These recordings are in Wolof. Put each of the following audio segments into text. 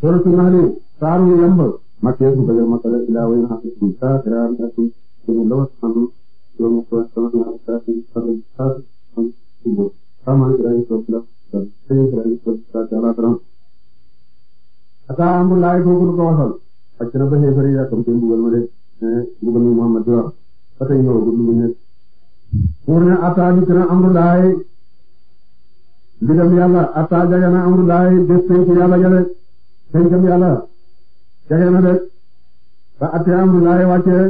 suratul nahl saaru yamb makkee su bëgg masala ila way na su ta ila na su ñu law sanu yo mu ko sama na ta ci sabu ta ci bu sama ila ni so la ta ci ila ni so ta ta la tan ata ambu lay ko ko waxal ak na ba he fari ya kam tem bugal ma de bugal mu muhammad wa fa tay yo ko lu ne pour ne ata ni kana amru lay digam yalla ata jagana amru lay des tay ci yalla jale pencam yàlla jege na de ba atte am laay wàccee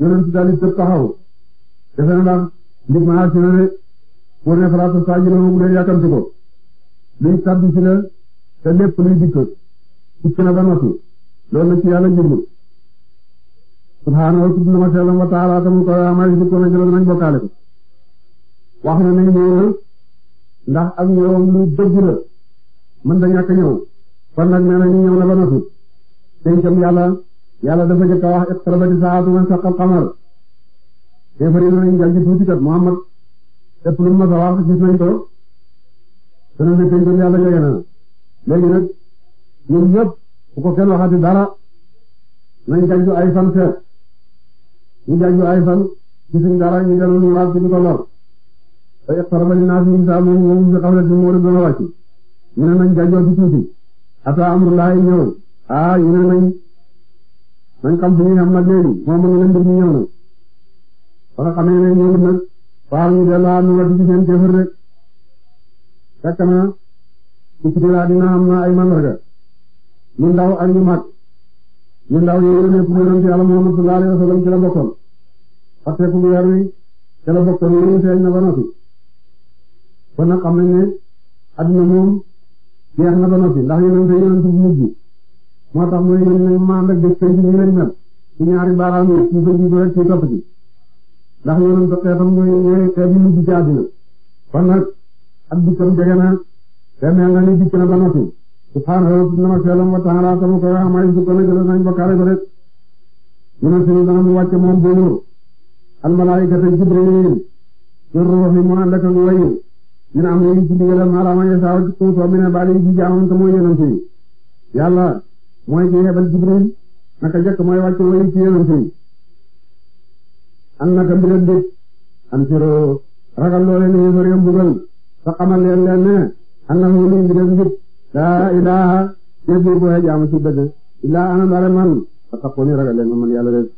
yonent daal di taxaw defe na ndax ndig ma ne falaatu saa ji la moom de yàkkamti ko luy tabbi si la te lépp luy dikk dikk na ba noppi loolu la ci yàlla jublu subhaanahu wa ta'ala wa ta'ala tamu ko amay si ko na jëloon ne ñëw na ndax ak ñëwam lu dëgg la mën kon nag nee nañu ñëw na ba noppi pencam yàlla yàlla dafa jëkk a wax iqtarabati saa'atu wanshaqqal qamar kéefari nañu jàll ci tuuti kat Muhammad lépp lu ma sa wax gis nañ ko te ne ne pencam yàlla jege na nag ñun ñëpp bu ko waxati dara nañ jàll ay fan seet ñu jàll ay fan gisuñ dara ñu dellu ñu laaj ci lu ko lor te iqtaraba linnaasi hisaabum fi ghaflatin mu'ridun doon wàcc ñu ne nañ jàll ci tuuti asa amrulaay ñëw ah yéen a nañ nañ xam fu ñuy xam nag léegi moom mu ne la mbir mi ñëw na ba nga xamee ne ñëwul nag waaw ñu dellu am na wàllu ay mandarga ñu ndaw ak ñu mag ñu ndaw Muhammad sallallahu alayhi wasallam ci la bokkoon parce que weer wi moom. jeex na ba noppi ndax yonent yonent bu mujj moo tax mooy yéen ñu maam rek dëkk yi ñu lañ mel ci ñaari baaraam yi ci bëj bu rek ci topp ci ndax yonent xeetam mooy ñooy xeet yi mujj ci àddina kon nag ak dikkam jege na te mel na ni dikk na ba noppi subhaanahu nama seelam wa ta'ala sama koy wax may su ko nag nañ bokkaale ko rek yonent yi dana mu wàcc moom boobu al malaayikata jibril ñu ruux yi mu ànd ak wayu min am léegi ci ndigalal maanaam ay saa yu tuuti soo mënee baal yi ci jaamam te mooy yonent yi yàlla mooy ki yebal Jibril naka jëkk mooy wàcc mooy ci yonent yi an naka mbiral dëkk an siro ragal loo leen yéen a mbugal te xamal leen leen ne an na lu ñu dem njëkk laa ilaaha jébbi boo jaamu ci ana bare man te taxul ñu ragal leen ma man yàlla rek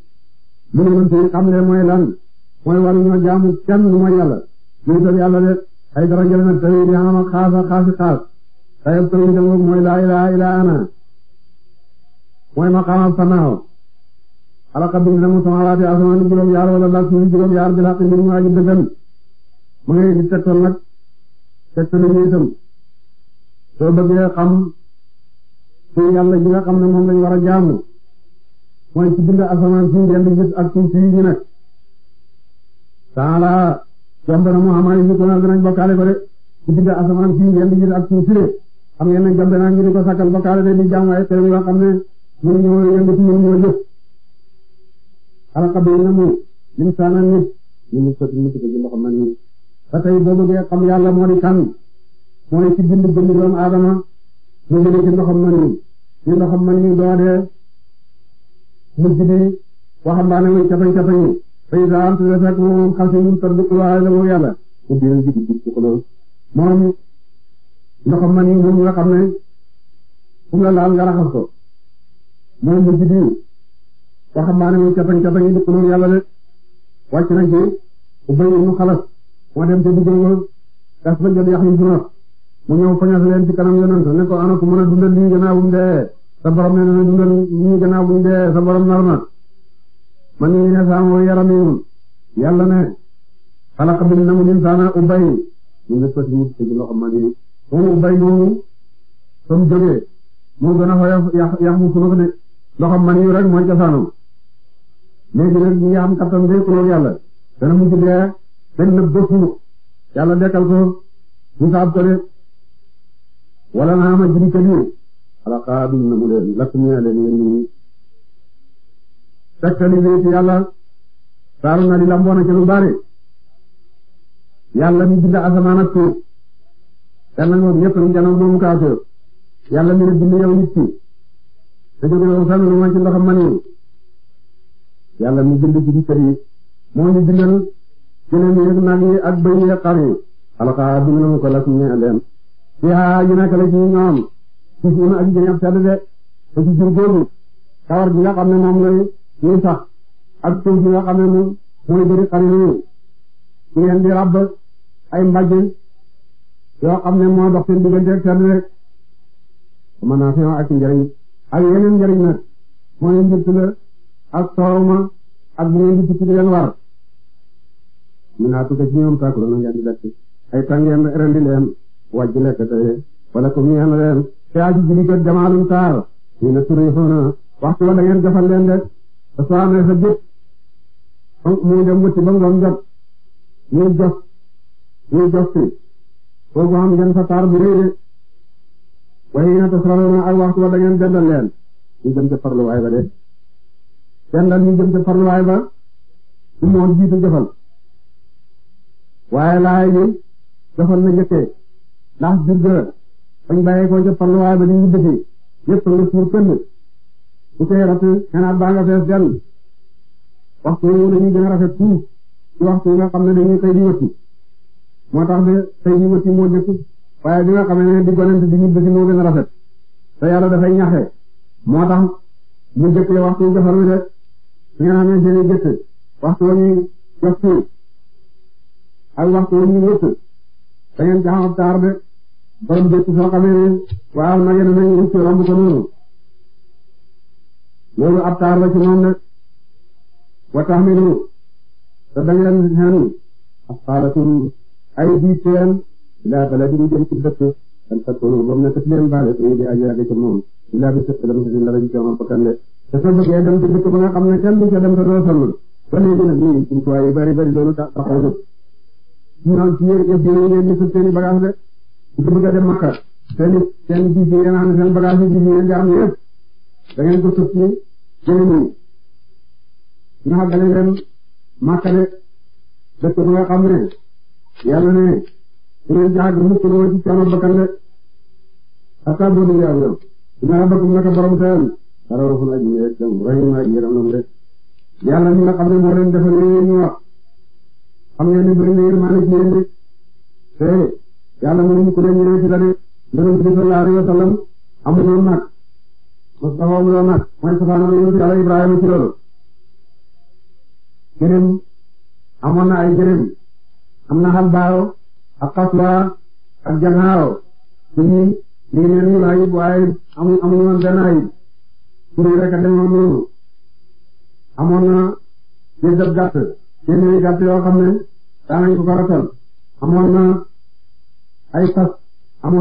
lu ñu mën ci xam leen mooy lan mooy waruñoo jaamu kenn mooy yàlla luy toll yàlla rek. ay dara njëriñ tey di ama xaasa xaasi xaas tayeb tëriñ te ngoog mooy laa ilaa ilaa ana mooy maqaama sanaaw xalaqa bind na mu samawaati asamaan juróom yaar wala laaj suuf juróom yaar bi laq mbir mu aji dëggan ma ngay di tegtal nag tegtal ñu itam soo bëggee xam ci yàlla ji nga xam ne moom lañ war a jaamu mooy ci bind asamaan suuf yenn gis ak suuf si yi ñu nekk jomb na mu xamaa ni gonal danañ bokkaale ko de ci digg asamaan fii ngeen di gis ak suuf si de xam ngeen ne jomb naa ngi de di jaam waaye te yoo xam ne ñun ñoo yëngatu ñun ñoo jëf xalaqa bay na mu lim saana nit ñu mu sot mu tudd ci loxo man nit ba tey boo bëggee xam yàlla moo di kan mooy ci bind bind doomu aadama mu Faida am tuuti fekk moom xasee sadduq waaye la moom yàlla moom dinañ ci dugg ci xulóom moom ndoxam man yi moom nga xam ne fu mu la laal nga raxas ko moom mu jiddi waxambaane moom catañ catañ yi di xulóom yàlla de wàcc na ci ubay mu xalas moo dem te diggéey moom gas leen ci kanam yonent ne ko ana ku mën a dundal lii gannaaw bu dee sa borom na dundal lii na man yooyu ne ya yaramihum yàlla ne xalaqa bind na mu insaana ubbay ñu ngi soti ñu ci loo xam ne moom ubbay moomu fa mu moo gën a xoyof yax yax mu suluk loxo man yu rek mooy cosaanam léegi nag ñi nga xam kattan day kuloog yàlla dana mu judee benn nëb ba suuf yàlla dekkal ko ñu saab ko de wala naa ma jiri këliw xalaqa bind na mu leen lakk ñu leen tegtali bi ci yàlla saaru nga li lamboona ci lu mi bind asamaan ak suuf te nangoo ñëpp lu janoog doomu mi ne bind yow nit ki te jógewu san lu ma ci ndoxam maniw mi bind ci bikkër moo ñu bindal gëléem yi ak ak bëy yi ak xar yi xalaqaa na mu ko lakum ñeel haa ji nekk la ci ñoom ci suuna ak jëñ ab sedd de te ci jur googu moom lay ñuy sax ak suuf bi nga xam ne moom mooy bëri xarit yooyu ñu leen di ràbb ay mbàjj yoo xam ne moo dox seen digganteeg seen rek mën naa fi ak njëriñ ak yeneen njëriñ nag mooy njëtt ak sooruma ak bu ngeen di tukki di leen war mën naa tukki ci ñoom saako rendi leen wàjj lekk tey wala comme ñeen leen te aji jigi kat jamaalum taar ñu ne suri waxtu wala ngeen jafal leen rek te soo amee sa jëpp mu dem wuti ba ngoon jot muy jos muy jos si foofu am ngeen fa taar bu rëy de waaye yéen a tasaraloon ay waxtu wa da ngeen dendal leen ñu jëm ca farluwaay ba de dendal ñu jëm ca farluwaay ba du moon jiitu jëfal waaye laay yi jëfal na njëkkee ndax jur ga bañ bàyyi ko ca farluwaay ba di ñu dëfi yëpp nga suur kënd bu see rafet xanaa baa nga fees dellu waxtu woowu dañuy gën a rafet tuuti ci waxtu na xam ne dañuy xëy di wëtti moo tax de xëy di bi nga xamee ne di gonante di ñibbi si moo gën a rafet te yàlla dafay ñaxe moo tax mu jëkkee waxtu defar wi de su ngeen xamee seen jëkk waxtu wa ñuy jot ak waxtu wa ñuy wëtt da ngeen jaxam ab taar de borom jëkk soo xamee ne waaw nag yéen a ngi wëcc romb ko noonu loolu ab taar la ci moom de wa tahmilu te da ngeen xenu asqaalakum ay diis seen ilaa baladin jëm ci dëkk an takunu ba mu nekk ci leen baale suñu di aji yàgg ci moom ilaa bi sëkk dem si la lañ joomal bakkan de te soo bëggee dem ci dëkk ba nga xam ne kenn du ca dem te doo sonn ba léegi nag ñu ngi jumtuwaay yu bari bari loolu tax taxawul ñoom ci yéen yëpp yéen ngeen di sëf seen i bagage de ñu bëgg a dem Makka seen i seen diis yi ngeen xam ne seen bagage yi diis yi ngeen di am yëpp da ngeen ko sëf ci jënd ndax da ngay dem màkkale dëkk ba xam ne yàlla ne kuréel jaag mukk loo ci coono bakkan de ataa boo dul yàlla dinaa bakkum naka borom seen dara rafetlu ak yéen dem rahim ak yéen am na mu de yàlla mi nga xam ne moo leen defal li wax xam ne bëri na yéen maa ngi ci yéen de te yàlla moom ne ñu ne ci la de ndërëm bi sallallahu alayhi wa sallam amuloon Mustafa mu doon nag mooy safaanam yonent Yàlla Ibrahima ci loolu gëlëm amoon na ay gëlëm am na xalbaaw ak xaswa ak jangaaw suñu li ngi leen ñu laayib waaye amu amuñu woon benn ayib suñu rek a demoon noonu na jëndab gàtt téeméeri gàtt yoo xam ne daanañ ko ko na ay fas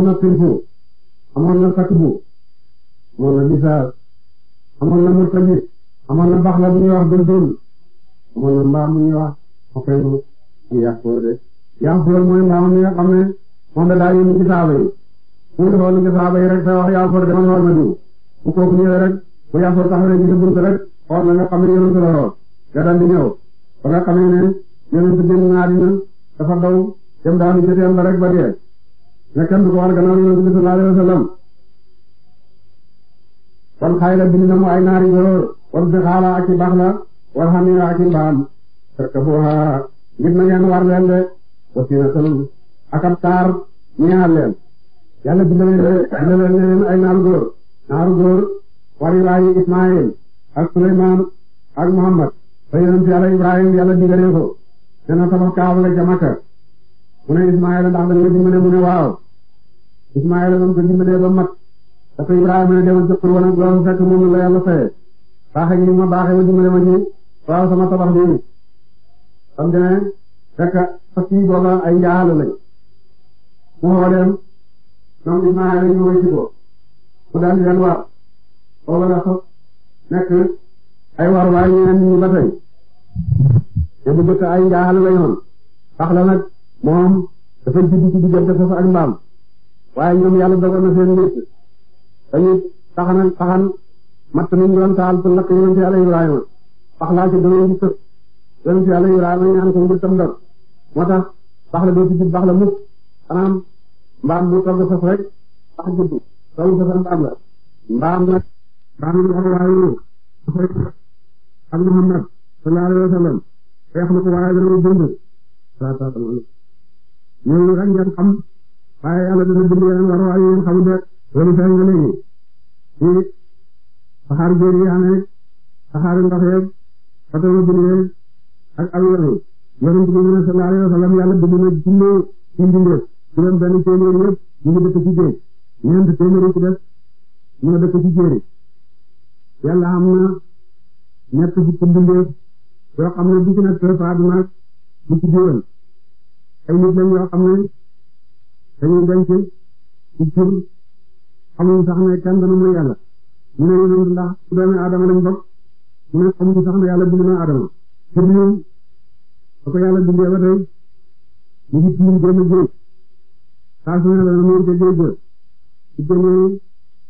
na silfu amoon na sakbu moom la bisaar amoon na murtajit amoon na baxla bu ñuy wax dundul amoon na mbaam bu ñuy wax xofeenu ak yaafoor de yaafoor mooy mbaam mi nga xam ne moom da daa yónni ci saaba yi mu dafa woon ci saaba yi rek te wax yaafoor de man war ma diw bu kooku ñëwee rek na nga xam ne yonent la roon nga dal di ñëw ne yonent génn na àddina dafa daw dem daanu joteem ba ba dee ne kenn du war gannaaw yonent bi sallallahu alayhi wal xayla bind na mu ay naari yóor wal bixaala ak i bax la wal xamira ak i mbaam tarkabuha ngir na ngeen war leen de wasinatan ak ab taar ñeexal leen yàlla bind na leen ay naaru góor naaru góor wari waayi ismail ak suleymaan ak muhammad fa yonent yàlla ibrahim yàlla digalee ko ne na tabax kaaba nga ca makka mu ne ismail ndax da nga dimbale mu ne waaw ismail moom ko dimbalee ba mat dafa Ibrahima ne demal jëkkër woon ak loolu fekk moom la yàlla fayee baaxee ñu ma baaxee wu dimbale ma ci waaw sama xam nga ne fekk fas yi booba ay njaaxal lañ mu xoo dem ñoom Ismaayla ñu ngi ci ko mu daal di leen war booba nekk ay war waaye ñeneen ñi ba tey te bu jëkk ay njaaxal la yoon wax la nag moom dafa juddu ci diggante fas ak mbaam waaye ñoom yàlla dogal na seen mbir dañuy taxanal taxan matt nañ doon taal pour lakk yonent yàlla Ibrahima pax laa ci doon ci sëf yonent yàlla Ibrahima ñaan ko ngir tam dor moo tax pax la doo ci jub pax la mukk xanaam mbaam bu togg saf rek pax juddu togg saf mbaam la mbaam nag mbaam la waaye dafay ak Muhammad sallallahu alayhi wa sallam xeex na ko waaye dana dund ñooñu rek ngeen xam waaye yàlla dana dund yeneen war waaye yéen xamu de loolu feeñ nga léegi ci saxaaru géej gi amee saxaaru ndox yeeg fatama dundee ak aw yoon yonent bi ne sallallahu alayhi wa sallam yàlla bind na junne ci mbindeef juróom benn téeméer yëpp ñu ngi dëkk ci géej ñeent téeméer ci def ñoo dëkk ci jéeri yàlla am na ñett fukki mbindeef yoo xam ne bu ci nekk faatu naag bu ci diwaan ay nit lañ yoo xam ne dañuy denc ci tur xamuñu sax ne kenn dana mooy yàlla ñu ne yonent ndax doomi Adama lañ bokk ñu ne xamuñu sax ne yàlla bind na Adama te biir ba ko yàlla bindee ba tey mu ngi tiim génn géej ne dana moom ca géej ga ci génn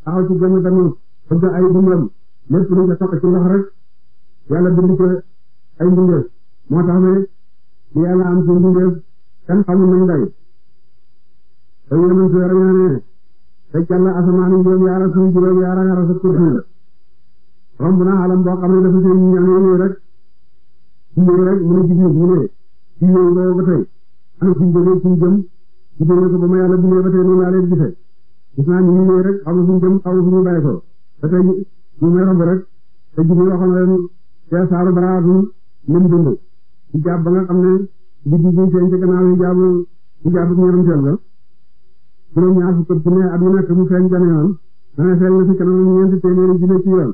taxaw ci génn tamit bëgg ay dundam lépp lu ca toq ci ndox rek yàlla bind ca ay mbindeef moo tax ne li yàlla am ci mbindeef kenn xamul nañ day te yonent fekk na asamaan juróom yaara suuf juróom yaara nga rasa kursi la romb na alam boo xam ne dafa seen ñaan yooyu rek ci rek mu ne ci biir mu ne ci yooyu boobu ba tey ana suñ jógee suñ jëm ci jógee ko ba ma yàlla rek xaw ma suñ jëm te jiw yi waxoon leen te saaru baraatu lim dund ci jàpp ba nga xam ne di di di seen ci gannaaw yi la juróom ñaar fukk ci ne at mu nekk mu feeñ benn yoon dana feeñ na fi kanam ñeenti téeméeri junne ci yoon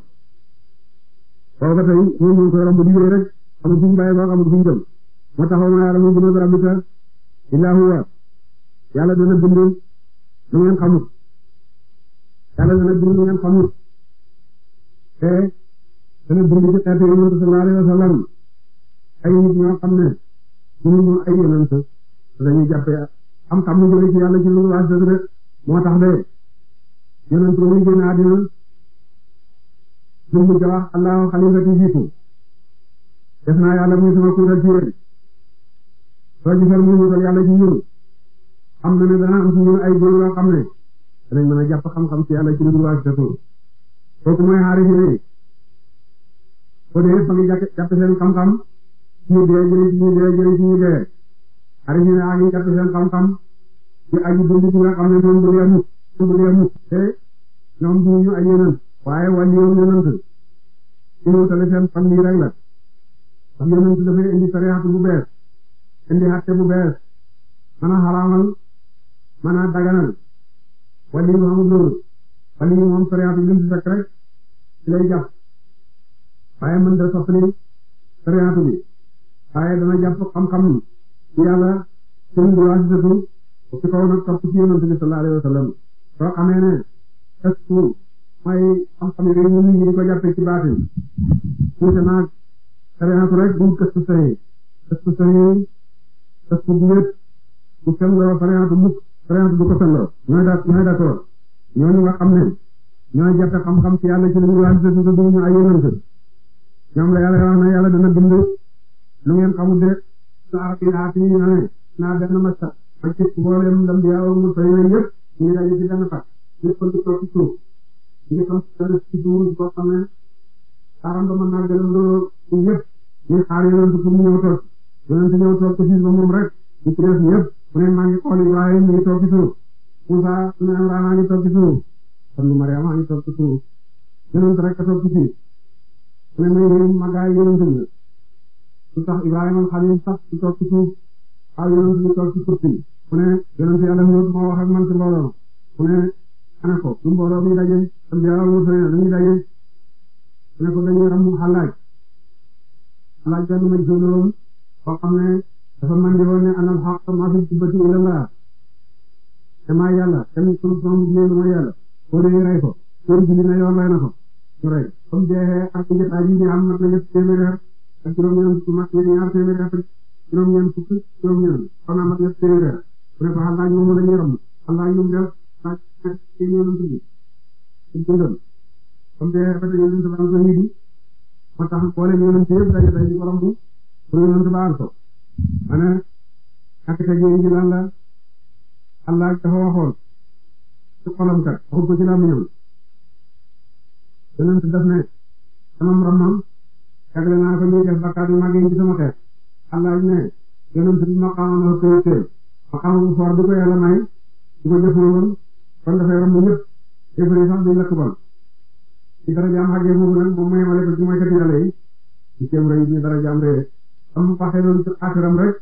booba tey ñoom ñu ngi koy romb di rek amul fu ñu bàyyi ko amul fu ñu jëm moo taxaw ma yàlla moom dina rabbika illaa huwa yàlla dana bind lu ngeen xamut yàlla dana bind lu ngeen xamut te dana bind ci xeetu yonent sallallahu alayhi wa sallam ay nit ñoo xam ne ñu ngi ay yonent dañuy jàppee xam-xam mu jóge ci yàlla ci lu waaj dëgg de moo tax de yonent boobu génn àddina sumbu jawax allahu xalifati jiitu def naa yàlla muy sama kuutal ci yéen soo gisal muy wutal yàlla ci ñun xam na ne dana am ci ñun ay góor yoo xam ne danañ mën a jàpp xam-xam ci yàlla ci lu waaj dëgg kooku mooy xaarif yi ko dee fa ngi jàpp seen xam-xam ñu dee jëriñ ñu dee jëriñ ñu dee ari ñu ne aji jàpp xam-xam di aji dund ci nga xam ne du yem du yem te ñoom du ñu ay yeneen waaye wàllu yoon yeneen ci ñu tale seen fan yi rek la ndax yeneen indi sariyaatu bu bees indi xatte bu bees mën a xaraamal daganal wàllu yu amul loolu wàllu yu moom sariyaatu lim ci fekk rek ci lay jàpp waaye mën bi waaye dana jàpp xam-xam ci yàlla sëriñ bi waasisatu ci kaw nag bi sallallahu alayhi wa soo xamee ne mooy xam-xam yi ñu ngi di ko jàppe ci baatin puute naag sariatu rek bu këstu saxee këstu saxee këstu bu wét bu selloo sariatu mukk sariatu bu ko selloo ñooy da ñooy d'accord ñooñu nga xam ne ñooy jàppe xam-xam ci yàlla ci li ñu waasisatu du ñu ay yonent ñoom la yàlla wax na yàlla dana bind lu ngeen xamul de saa fi naa benn masta ba ci mboolem ndam bi yàlla na yëpp ñu ngi daje ci benn fàq ñu ko toog ci suuf ñu ngi ko def ci suuf boo xam ne xaaral ba mën naa gërëm ñëpp ñu xaar yonent fu mu ba moom rek ñu ci def ñëpp mu ne maa ngi xool Ibrahim ñu ngi toog ci suuf Moussa mu ne Imran maa ngi toog ci suuf Sandu Mariam maa ngi toog ci suuf yonent rek a toog ci lu tax Ibrahima xale sax di toog ci suuf ak yonent di toog ci suuf si mu ne yonent yàlla Huud moo wax ak man ci mbooloo mu ne ana ko du mbooloo bi daje am yàlla mu sëñ dañuy daje mu ne ko dañuy ram xalaaj xalaaj benn ma jël woon boo xam ne dafa mën di woon ne anal xaq maa fi jubbati ila laa te maa yàlla tamit sunu son bu ñëwee mooy yàlla koo dee rey ko kër gi na yoon rey na ko ñu rey comme jeexee ak njëkk aay yi ñu am na ñëpp téeméer ak juróom-ñeent fukk mag ñetti ñaar téeméeri at ak juróom-ñeent fukk juróom-ñeent xam naa mat ñett téeméeri at bu dee ba xalaat ñu mu dañuy romb xalaat ñu def ak ak ci ñoom tudd ci dundam comme de ba tey ñu ngi tabaal ko yii di moo tax boole ñu ngi ci yëpp dañu dañu ko romb pour ñu ngi tabaal ko ma ne ak tey jii ñu lan la Allah dafa waxoon ci xolam kat waxu ko ci laa mu ñëw danañ def ne sama moromam tegle naa ko ñuy def bakkaar yu mag yi ci sama xeet allah ne yonent bi maqaamam la koy teel maqaamam foor bi ko yàlla may du ko jëfoo woon kon dafay romb ñëpp éfri sax duñ lakk bon ci dara jaam xàggee foofu nag moom mooy male ko ci mooy kat yàlla yi ci ceeb rëy ñu dara jaam rëy rek am mu paxee noonu ci xaatiram rek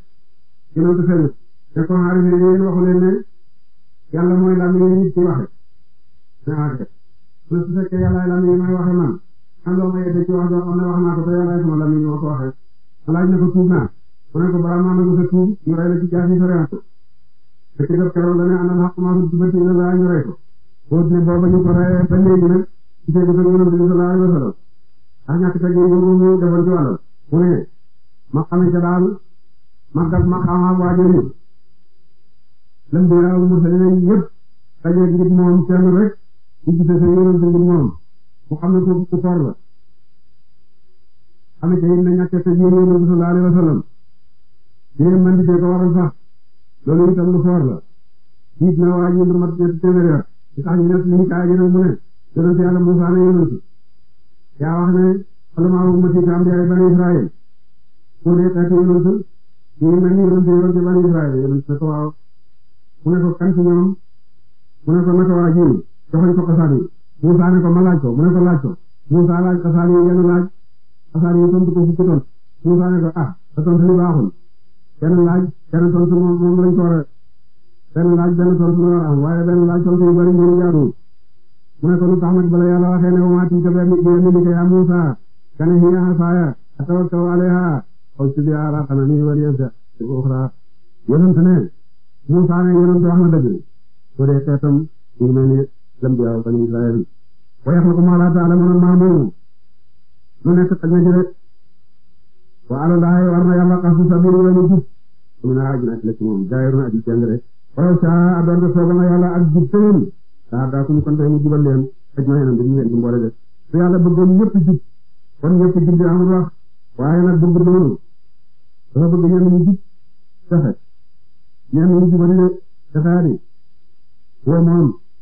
yonent feeñ te ko xaari ne yéen waxu leen ne yàlla mooy lami nit ci waxe na waxe su fekkee yàlla lami may waxe man man loo ma yedde ci wax joo xam ne wax naa ko te yàlla sama lamiñ ma ko waxee alaaj na ko tuub naa mu ne ko balaa maa nangu sa tuub ñu rey la ci jaasi sa reew te ki def keroog la ne anal xaq maa fi bati ila laa ñu rey ko boo ne booba ñu ko reyee ba léegi nag ci tegu sa yonent bi sallallahu alayhi wa sallam ak ñàkk teg yi ñu defoon ci wàllam mu ne ma xamee ca daal ma gas ma xam-xam waajoo yi lam bi yàlla mu sa yëpp dajeeg ngir moom kenn rek ñu gisee sa yonent ngir moom ku xam ne ko ku for la xam ne na ñàkk te yéen yéen bi sallallahu alayhi wa sallam yéen man di lu for la jiit na waa ji lu mat ñetti téeméer at di tax ñu nekk liñ kaay mu ne yonent yàlla Muusaa ne ne xalamaa ummati ka am di ay bani Israël pour ne xeetu yonent ñu ngi mel ni yonent yonent bani Israël yonent ne ko waaw mu ne ko kan ci ñoom mu ne ko naka waa jiw joxoñ ko xasaan Moussa ne ko ma laaj ko mu ne ko laaj ko Moussa laaj xasaar yi yenn laaj xasaar yi tontu ko fukki tontu Moussa ne ko ah sa tontu li baaxul kenn laaj kenn tontu moom moom lañ ko war a benn laaj benn tontu la war a am waaye benn laaj tontu yu bari ñu jaaduwul mu ne ko lu tax nag bala yàlla waxee ne wa maa tilka biyamiinika yaa Moussa kana hiya asaaya atawakkau alayhaa awsi bihaa alaa ghanamii wa lii azraa uxraa yonent ne Moussa ne yonent wax na dëgg bu dee xeetam ñu ngi mel ni lëm bi waaw bani Israël wa yaxluqu maa laa ta'lamuuna maa moomu lu nekk xaj na ci rek wa ala laahi war na yàlla xasu sabiil la ñu gis su na ajina ci la ci moom jaayiruna aji jàng rek walaw saa doon de sooba na yàlla ak jub tëwén saa daakum kon tey mu jubal leen ajma'iina bi ñu leen di mboole de su yàlla bëggoon ñëpp jub kon ñëpp jub di amul wax waaye nag bëgg noonu dafa bëgg ñenn ñu jub texe ñenn ñu jubal de texaari woo moom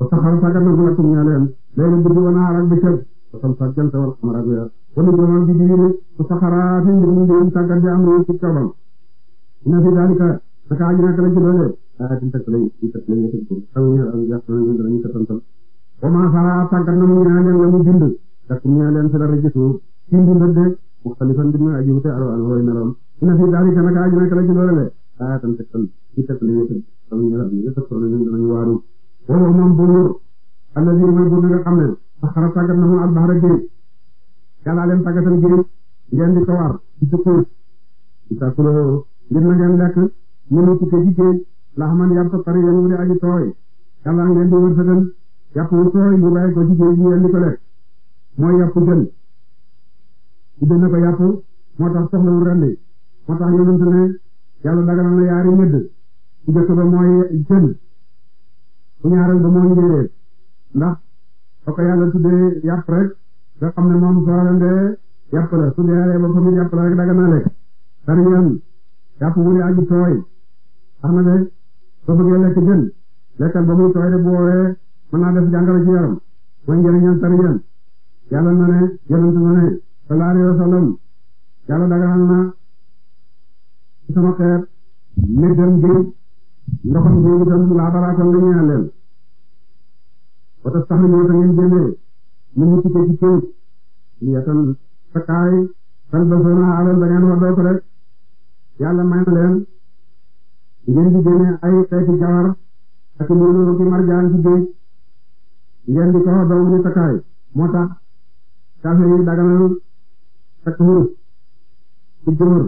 وسخر سجن لكم يالين ليل بدي ونهارا بشر وسلسل جنت والقمر بير ومجمع بجير وسخرات من دين تاكد بأمره سكبا إن في ذلك فكاجنا كلا جلوله آياتين تكلي تكلي يتكلي سوية أو جاسنا يدرني تتنتم وما سرى تاكد نمو يالين لم يجند لكم يالين سلا رجسو كين جندد مختلفا بما أجيبت أروا أنه إنرم إن في ذلك فكاجنا كلا جلوله آياتين تكلي تكلي يتكلي سوية أو جاسنا يدرني وارو wala moom buur alladi mooy buur bi nga xam ne na mu albahra géej yàllaa leen tàggatal géej ngeen di ko war di sukkuur di sàkkuloo ngir ngeen lekk mënu tukkee ci géej laxaman yàpp sa pare yéen wu di aji tooy yàllaa ngeen di wërsëgal yàpp wu tooy bu bàyyi ko ci géej ngeen mooy yàpp jën tudde na ko yàpp moo tax soxlawul rendi moo tax yonent ne yàlla daganal na yaari medd ci jëkk ba mooy jën bu ñaareel ba mooy njéeréer ndax ba ko yàlla tuddee yàpp rek nga ne moom soo rendee yàpp la su dee ba daga naa lekk sari yoon yàpp mu ne tooy tax de soo bëggee lekk jën lekkal ba muy tooy de bu woowee mën naa def jàngoro ci yaram mooy njëriñam sari yoon yàlla na ne yonent na ne sallallahu alayhi wa sallam yàlla daganal na sama xeet ne dem ndoxam boobu itam laabaraatam la ñaan leen wata sax ñoo ta ngeen jëmee mu ngi tukkee ci këyit yatan sakaay tal basoona alal da ngeen waddoo ko rek yàlla may na leen ngeen di jëmee ay xeeti jawar ak loolu ki marjaan ci géej ngeen di ko waddoo mu ni sakaay moo tax kafe yi daganal takk huruf ci góor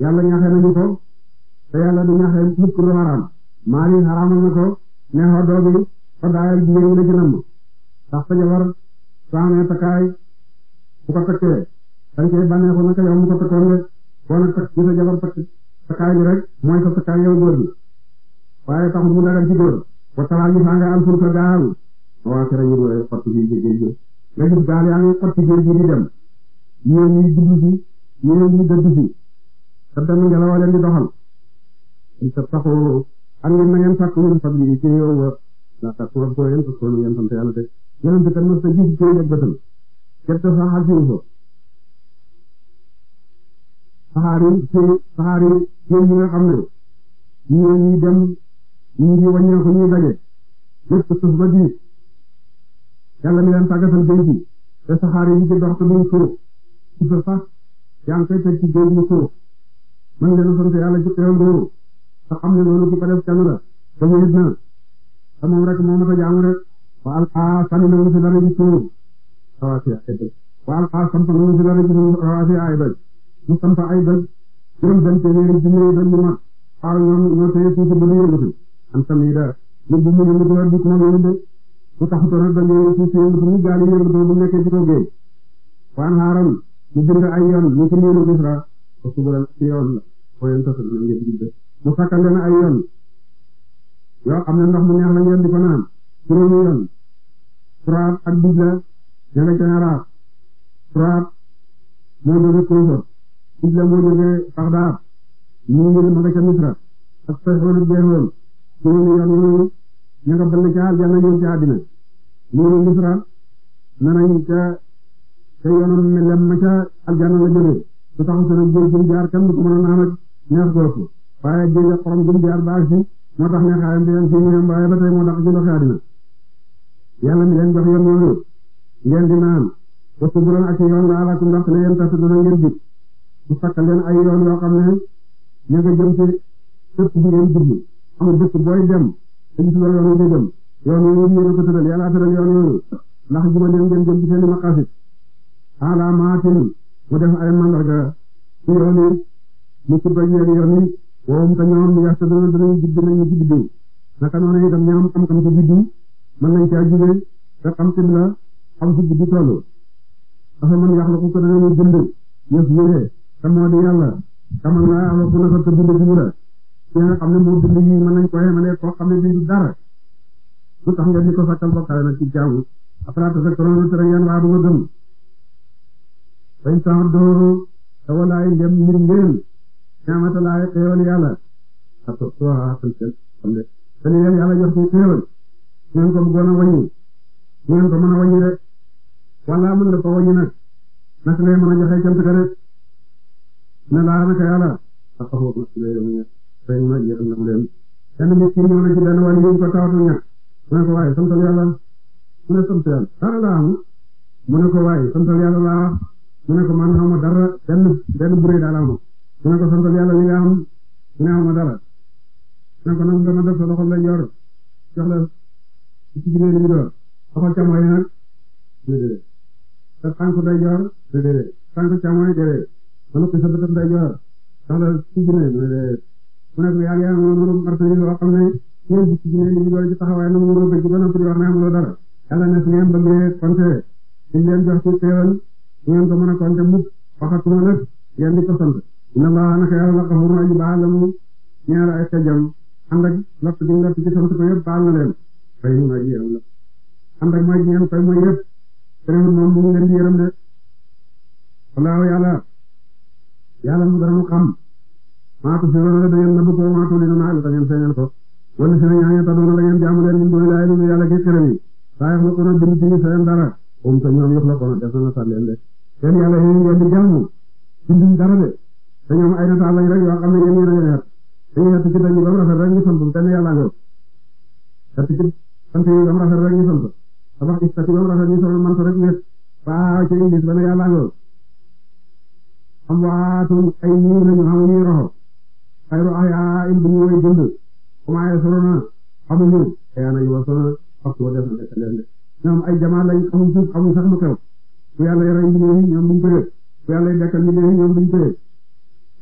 yàlla ñaxee nañu ko te yàlla du ñax leen fukk haram maa ngi na ko ne xoddoo bi xoddaayal jigéen ñi la ci namm tax sa jabar saamee takkaay bu ko takkee dañ koy bànneexu naka yow mu ko takkoon rek boo nag takk bi sa jabar takk mooy sa takkaay yow góor bi waaye taxul mu dagal ci góor wa talaa gi faa nga am gaal waa kere ñu doore xotti bi jégéej bi nga gis gaal yaa ngi xotti géej gi di dem ñeen ñi jublu si ñeen doxal taxawoo ak ngeen na ngeen sàkku min fadli ci yow wa la sàkku rabbu ngeen ko sonu ngeen sant yàlla de yonent bi kat mos a gis ci ak bëtam képp dafa xasiwu ko saxaari ci saxaari ci yi nga xam ne ñi ñi dem ñi ngi wàññeeku ñuy daje lépp suuf ba di yàlla mi leen tàggatal géej gi te saxaari yi di dox te duñ suuf suuf sax yaa ngi koy teg ci géej gi suuf mën ngeen sant yàlla ci teew te xam ne loolu ku ko def kenn la te wéyit na te moom rek moo mat a jaamu rek wa alqa sànni na mu fi dara ji suuf rawaasi ay bëj wa alqa samp na mu fi dara ji suuf rawaasi ay bëj mu samp ay bëj juróom benn téeméeri junni bëj yu mat xaal ñoom ñoo tey suuf bu yëngatu am tamit da nit mu yëngatu rek du ko moom yëngatu bu taxutoon rek dañuy suuf mu gaal yi mu bind ay yoon ñu ci mbiru gis ra ba suba la ci yoon la mu sakkal leen ay yoon yoo xam ne ndox mu neex la ngeen di ko naan yoon turaab ak dijla ña nga ca raaf turaab moo jóge Kuufa dijla moo jóge Baxdaad ñu ngi ma nga ca Misra ak Sihon ak Jehoon juróomi yoon yooyu ña nga bëll ca aljanna ñëw ci àddina ñu ngi Misra nanañ ca te yoonam lem ma ca aljanna la jóge su taxu seen góor jaar kenn du ko mën a naan ak neex goosu waaye jëlee xorom gum jaar baag si moo tax ne xaayam bi leen si ñu dem waaye ba tey moo naan ba ak yoon la alakum ndax ne yéen tas dana ngeen jub bu sakka leen ay yoon yoo xam ne ñu nga jëm ci dëkk bi ngeen jublu amul dëkk booy dem dañu ci yoon yi di dem yoon yooyu yéen a ko tëral yàlla tëral yoon yooyu ndax jubal leen ngeen jëm ci seen i maqasit alamatin mu def ay mandarga ci yoon yi mu ci bëj yéen yoon yi woom te ñoom yax te dana danañu jiddi nañu ci biddiw naka noonu itam ñoom xam-xam ci biddiw mën nañ caa jugee te xam xibla xam ci biddi toll dafa mën yàq la ko ko danañu bind yëf yére te moo di yàlla xamal la ala ku nafar te bind jiwu la ci nga xam moo bind yi mën nañ ko yemale koo xam ne bi dara lu tax nga di ko sàkkal bokkaale nag ci jaamu afala tazakkaruun tere yéen waa du nga gëm fañ sa dooru te walaay ndem mbir ngeen ni'matallaahi xéewal yàlla ato soa xalcel xam de te li leen yàlla jox ci xéewal su ngeen ko bëggoon a wàññi su ko mën a rek wala mën nga ko wàññi nag naka lay mën a rek ne laa naka yàlla aqaxuur nasulamuñe fayma yërëm lam leen kenn nit ki ñëw na ci benn wàll yuñ ko tawatul ko waaye santal yàlla mu ne sant yàlla dara laa ko waaye santal yàlla laa wax mu ko man xawma dara benn benn buré daal amu mu ne ko santal yàlla li nga am ne am ma dara ne ko nag dama def sa loxo lay yor jox la ci jigéen bi door loxo càmmoñ nag déedéet sa tànku day yor déedéet tànku càmmoñ déedéet ba noppi sa bëtam day yor jox la ci jigéen bi déedéet mu ne ko yaa ngi am mënu martani loo xam ne ñoom ci jigéen bi door ci taxawaay nu mu mënoo bëgg ba noppi di wax ne amuloo dara yàlla ne su ngeen bëggee compter di leen jox ci teewal ngeen ko mën a compter mukk waxatuma nag ngeen di ko sant inna allah naka yàlla gafurun aji baal lamu ñeel ay xejam ànd ak lott gi lott ci sant ko yëpp baal na leen rahimun aji yërëm la ànd ak mooy ngeen koy mooy yëpp terewul moom mu ngi leen di yërëm de wallaahu yàlla yàlla mu dara mu la da ngeen nëbb ko maa tu'linuuna la da ngeen feeñal ko wala si ne ñaañu tadoona da ngeen jaamu leen min doon laay lu yàlla gi xiram yi saa yax na ko na bind ci seen dara um ta ñoom yëpp ko na def na na sàlleen de seen yàlla yi ngeen di jaamu te ñoom ay nataal lañ rek yoo xam ne yéen ñi rek dañuy xett ay ñii lañu xam ñuy roxo xayru ahyaa in bu ñu way dund commencé sorona xamuñu yaa nañu wa sona waxtu wa bu yàlla yore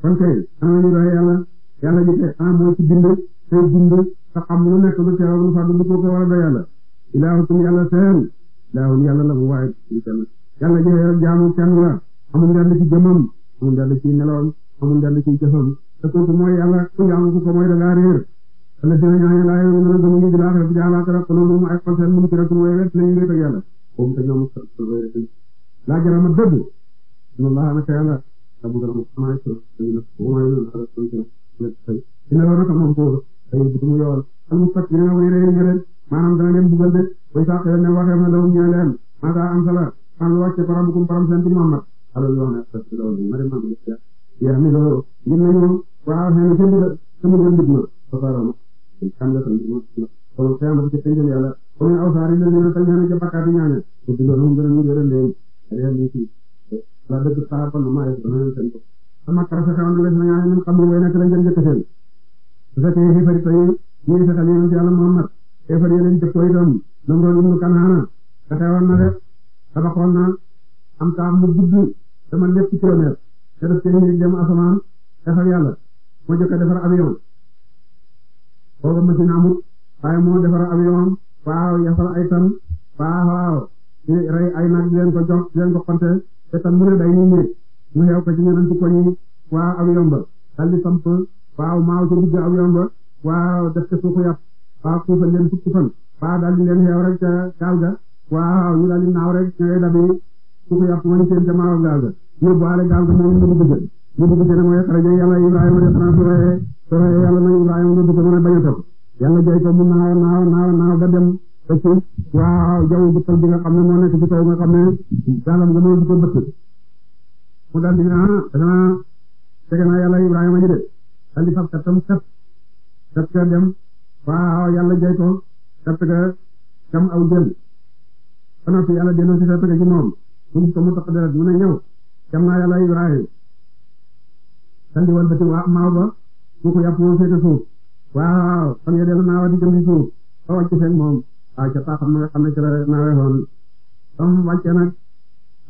kon tey xanaa ñu doy yàlla yàlla ñu tey xanaa moo ci bind tey bind te xam lu nekk lu teew lu fàgg lu ko ko war a doy yàlla ilaahukum yàlla seen yàlla la mu waaye ci kenn yàlla joxe rek jaamu kenn la amul dara ci jëmam amul dara ci nelawam amul dara ci jëfam te kooku mooy yàlla ku jaamu ku ko mooy da ngaa réer wala dina ñaan yàlla yow ñu gëm ngi bila ci rek mooy wet la jarama dëgg Allah na yàlla te bu gërëm sama émission bi nga xam ne moom mooy loolu la. la dëgg saa ba lu ma ay dana leen seen bopp. sama traçé xaw na leen ñaare ñun xam nga way nekk lañ leen jëkk seen su fekkee xeefari tey ñu ngi fekkal yonent yàlla Muhammad xeefari yi leen jëkkoo itam Namrood ibnu Kanaana fexewoon na de tabaxoon na am taax mu gudd dama nekk kilomètre te def seen yi dem asamaan xeexal yàlla moo jëkk a defar avion booba machine amut waaye moo defar avion waaw yasal ay tan waaw waaw rey ay nag di leen ko jox di leen ko compter te tam mu ne day ni néeg mu xew ko ci ñeneen ci koñi waa aw yomba dal di samp waaw maaw ci digg aw yomba waaw def ca suuxu yàpp waaw suufal leen fukki fan waaw dal di leen xew rek ca gaal ga waaw ñu dal di naaw rek ñooy dabi suuxu yàpp mañ seen ca maaw gaal ga ñu baale gaal ga moom ñu dugg ca ñu dugg ca ne mooy xaraja yàlla Ibrahima def naa sore sore yàlla na Ibrahima mën a bañ a toog yàlla jay ko mu naaw naaw ga dem te suuf waaw jaww ji pël bi nga xam ne moo nekk ci nga xam ne jàllam nga ko bëtt mu daal di ne ah danaa tege naa yàlla Ibrahima de daal di fab kattam tëpp tëpp ca waaw yàlla jay ko tëpp ga tam aw jël ba noppi yàlla delloo si tëpp ga ci waa maaw ba mu ko yàpp moo féete waaw fan ya dellu naa wa di jëm suuf ba seen moom waaw ca paaxam ma nga xam ne ca la naawee woon ba mu wàccee nag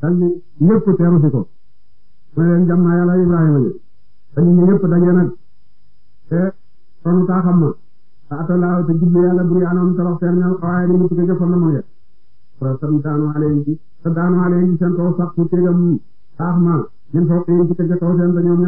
daal di ñëpp teeru si ko mu ne leen jàmm naa yàlla Ibrahima ji dañu ñu a daje nag te sonu taaxam ma ta atalaaw te jublu yàlla buri anoon torox seen ñal xawaaye ni mu tukkee jëfoon na mu nge wa sam daanu alayhi te daanu alayhi seen kaw sax ku téegam taax ma ñun foofu yéen ci tëgg seen te ñoom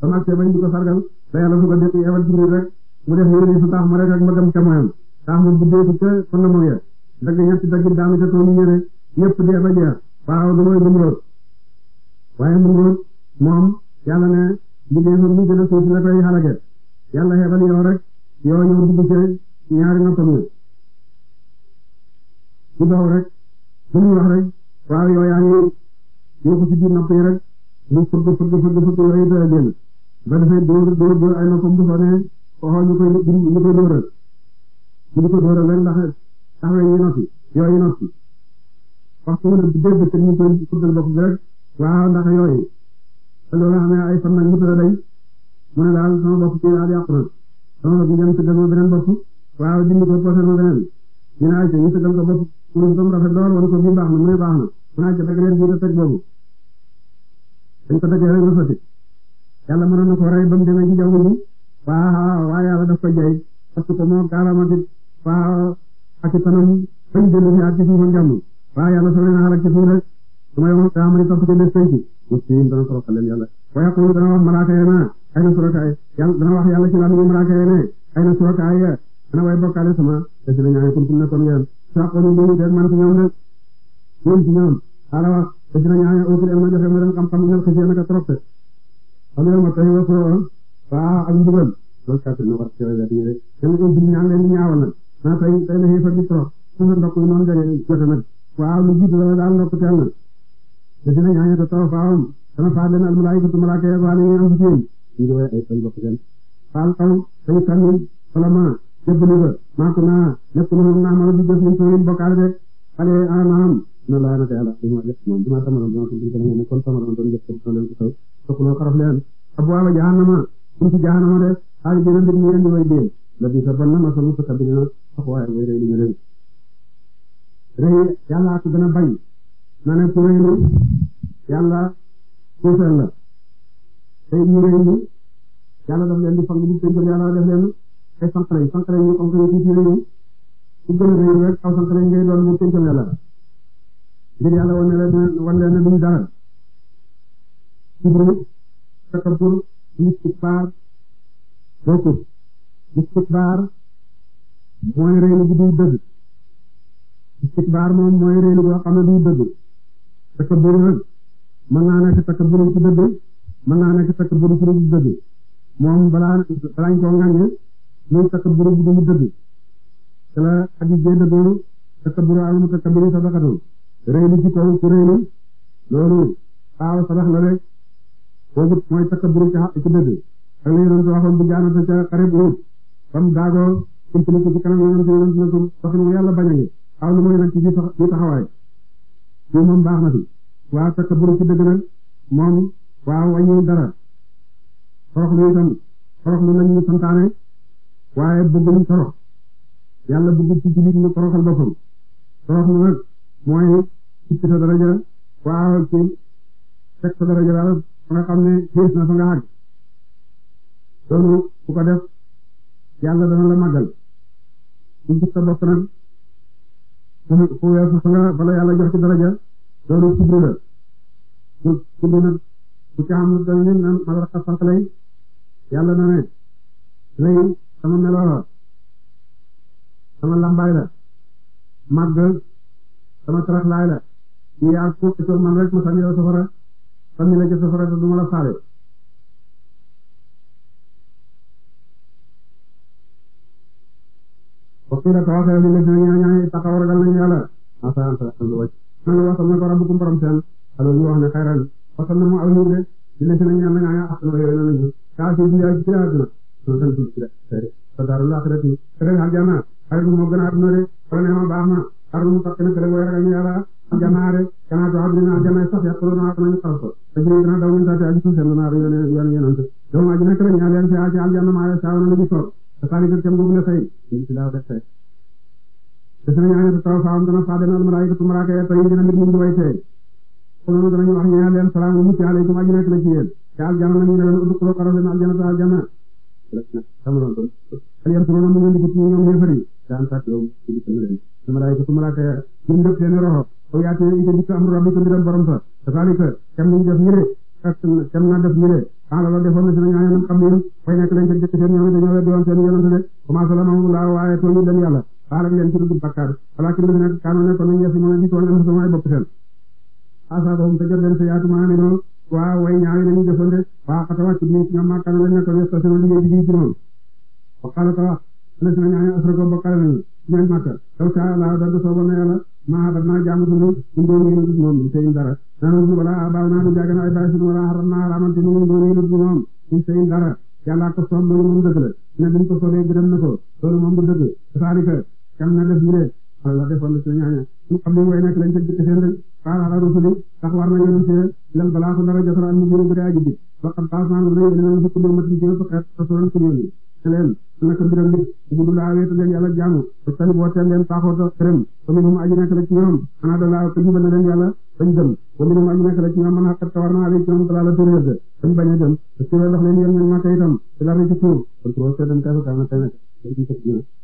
ba mag see bañ di ko sargal ba yàlla suga dëkk yebal Jibril rek mu def yéri su taax ma rek ak magam ca moyam taax ma buddee ci ca kon na mu ya dagg ñetti dagg daanu ca tool yére ñëpp dee ba jeex waaw du mooy Nimróod waaye Nimróod moom yàlla ne liggéey fa mu gën a suuti la koy xalage yàlla xebal yow rek yow ñëw dugg ci ñaari noppam yi ci dox rek bu ñu wax rek waaw yow yaa ngi yokku ci biir nopp yi rek bu fëgg fëgg fëgg fëgg yooyu dara génn ba dafay dóor dóor dóor ay noppam bu sonee oxo ñu koy ñu koy dóoral ko dóoral rek ndax ndax we yi noppi yooyu noppi waxtu wala dégg te ñu koy fëggal bopp bi rek waaw ndax yooyu te loolu xam ne ay fan nag ñu tëra day mu ne daal sama bopp ci daal yàqu na sama bopp jëm tëggal ma beneen bopp waaw dindi ko posé ma beneen ñu ne ayca ñu tëggal ko bopp mu tam rafet lool wan ko bii baax na mu ne baax na mu ne ayca rek leen bii rafet boobu dañ ko tegee rek nga sotti yalla mënoon na ko rey ba mu demee ci jaww ji waaw waaye yàlla daf ko jey parce que moo gaalamatit waaw ak tanam bañ jënd ci ak ci suufam jàmm waaw yàlla sama naa rek ci suuf rek su ma yomoon daa ma di wa yaqulu dana wax malaaka ya naa ay na sorokaay yàlla dana wax yàlla ci laa mu malaaka ay na sorokaay ya dana way bokkaale sama te si la ñaay kon kum nekkoon ngeen soqoon dinu deg man ci ñoom nag ñun ci ñoom xaala wax te si la ñaay ootul am na joxe xale ma tey wa soo faa ak mbugal loolu kàttan na war cere wet ñi rek kenn ko bi ñaan leen di ñaawal nag naa tey tey la xiifal di trop su sa ndokk noonu jage jote nag waaw lu jiitu la daal ndokk teel na te dina ñaañe ta taw faawam dana faat leen almalaayikatu malaaka ya am fitiyéen ñu ngi way ay tan bokk seen faal taw tay sànni falama jëbbali ba maa ko naa nekk na moom naa mala di jëf ñu tuurim bokkaale de xale a naam na laa na te ala moom dima samaroon dama ko kon samaroon doon jëf ko leen ko taw sukkuloo xaraf leen abwaaba jahannama buntu jahannama de xaali jëna mbir ñu leen di way déen la bi sa bon na ma sa kabirina sax waaye bay rëy li ñu leen rëy yàlla ko gën a bañ na ne ku rëy la tey ñu rëy ñu yàlla daf leen di fang bu tëjër yàlla def leen ay sanqlañ sanqlañ ñu comme que ñu tuuti rëy ku gën a rëy rek aw sanqlañ ngay doon bu tëjër yàlla ngir yàlla wan ne leen wan leen duñ dara kibru takabbur istikbaar bokkut istikbaar mooy reelu bi duy dëgg istikbaar moom mooy reelu boo xam ne dëgg takabbur nag mën naa nekk takabbur naa takabbur ci lu dëgg moom balaañ koo ngañe muy takabbur bu duy dëgg te la aji jee dëggoo takabbur al mutakabbir sadaqatun reelu ci kaw ci reelu loolu aaw sabax la rek kooku mooy takabbur ci ci dëgg da ngay doon jaanata ca xarit wut ba mu daagoo ci kanam yonent yonent na ko doxinu yàlla bañ a ngi aw na mooy nag ci ñu taxawaay fii moom baax na fi waa takabbur ci dëgg nag moom waa wàññi dara toroxlu itam toroxlu lañ ñu santaane waaye bëgguñ torox yàlla bëgg ci jullit ñu toroxal boppam toroxlu nag mooy ci sa daraja waaw ci teg sa daraja daal fa nga xam ne xiis na fa nga àgg loolu ku ko def yàlla dana la màggal ku gis sa bopp nag fu fu weesu fa nga bala yàlla jox ci daraja loolu kibru la ku la la la yi ak ku xëccoon ma sànni la safara fa mi la jëfe farata du ma la faale waxtu la tawaxe mi la dina ñaañaa taxaw ragal nañu yàlla asaan sa lu wacc man wasam na ko rabbukum borom seen alors ñu wax ne xayral wasam na mu aw yiw de di la dina ñaan ñaañaa ak no yore na ñu ka ci dunya ci la aduna so tan ci la sare fa darul akhirati sare aljana xayru mo gëna aduna de fa neema baax na arru mu takkene sare way ragal yàlla jamaare kana to abdina jamay sax yaquluna akman khalqa ajina dana daw min tati aji suuf seen naar yoon yoon yonante doomu aji nekk la ñaar leen ci aji aljanna maa yasa wala ngi soog tasani ko tem boobu la fay ngi ci daaw def fay dana ñaan ta taw faam dana faade na malaikatu malaaka ya tay dina mbir mu way tay kono dana ñu wax ñaan leen salaamu mucc alaykum aji nekk la ci yéen ci aljanna ñu leen udu ko ko rasul aljanna ta aljanna tamron ko aljanna mo ngi ci ñoom ñeefari daan fàttaloo ci sama leen sama laay ko su malaaka jëndee seen roxo aw yaa tee ite gis am rabbi ko mbiram borom sa kasaalika kam nañu def ñële ak kam naa def ñële ah loolu defoon na si na ñaa ñoom xam ne fay nekk lañ ko jëkk seen ñoom dañoo weddi woon seen yonante de commencé la moom laa waaye tooñu leen yàlla baalak leen ci dugg bakkaar walaa ki lëg nag kaanoo nekkoon a di tooñ am samay bopp seen asaaboom te jot leen sa yaatu maa amee waa way ñaawi lañu defoon de waa xatawàcc bi ñoom la ci ñooñu asrako bokkale nañu ñooñ Makka law sha Allah da do soobal na Yàlla ma hadat naa jaamu dunu ñu doon ñu def moom seen dara nanu ñu wala baaw naa du jaaga na ay baay sunu wala haram naa haraman te ñu doon ñu def moom ñu seen dara Yàlla ko soob loolu moom dëgg la ne duñ ko soobee gërëm na ko loolu moom bu dëgg saalika kam na def ñu Allah defoon na ci ñaaña ñu xam ne rusuli tax war na yoonu ci lal balaa ko dara na ko mbiram nit ubudu laa wéetu leen yàlla jaamu tani boo teen leen paaxoota xërëm fa minum aji nekk ñoom ana dalaa ko jubal na leen yàlla bañ dem fa minum aji ñoom man xaqat tawar naa ñoom dalaa la tur yëdd bañ bañ a dem te suura daf leen yéen ñen la ci tuur kon trop seetan teefu kaa na tey nag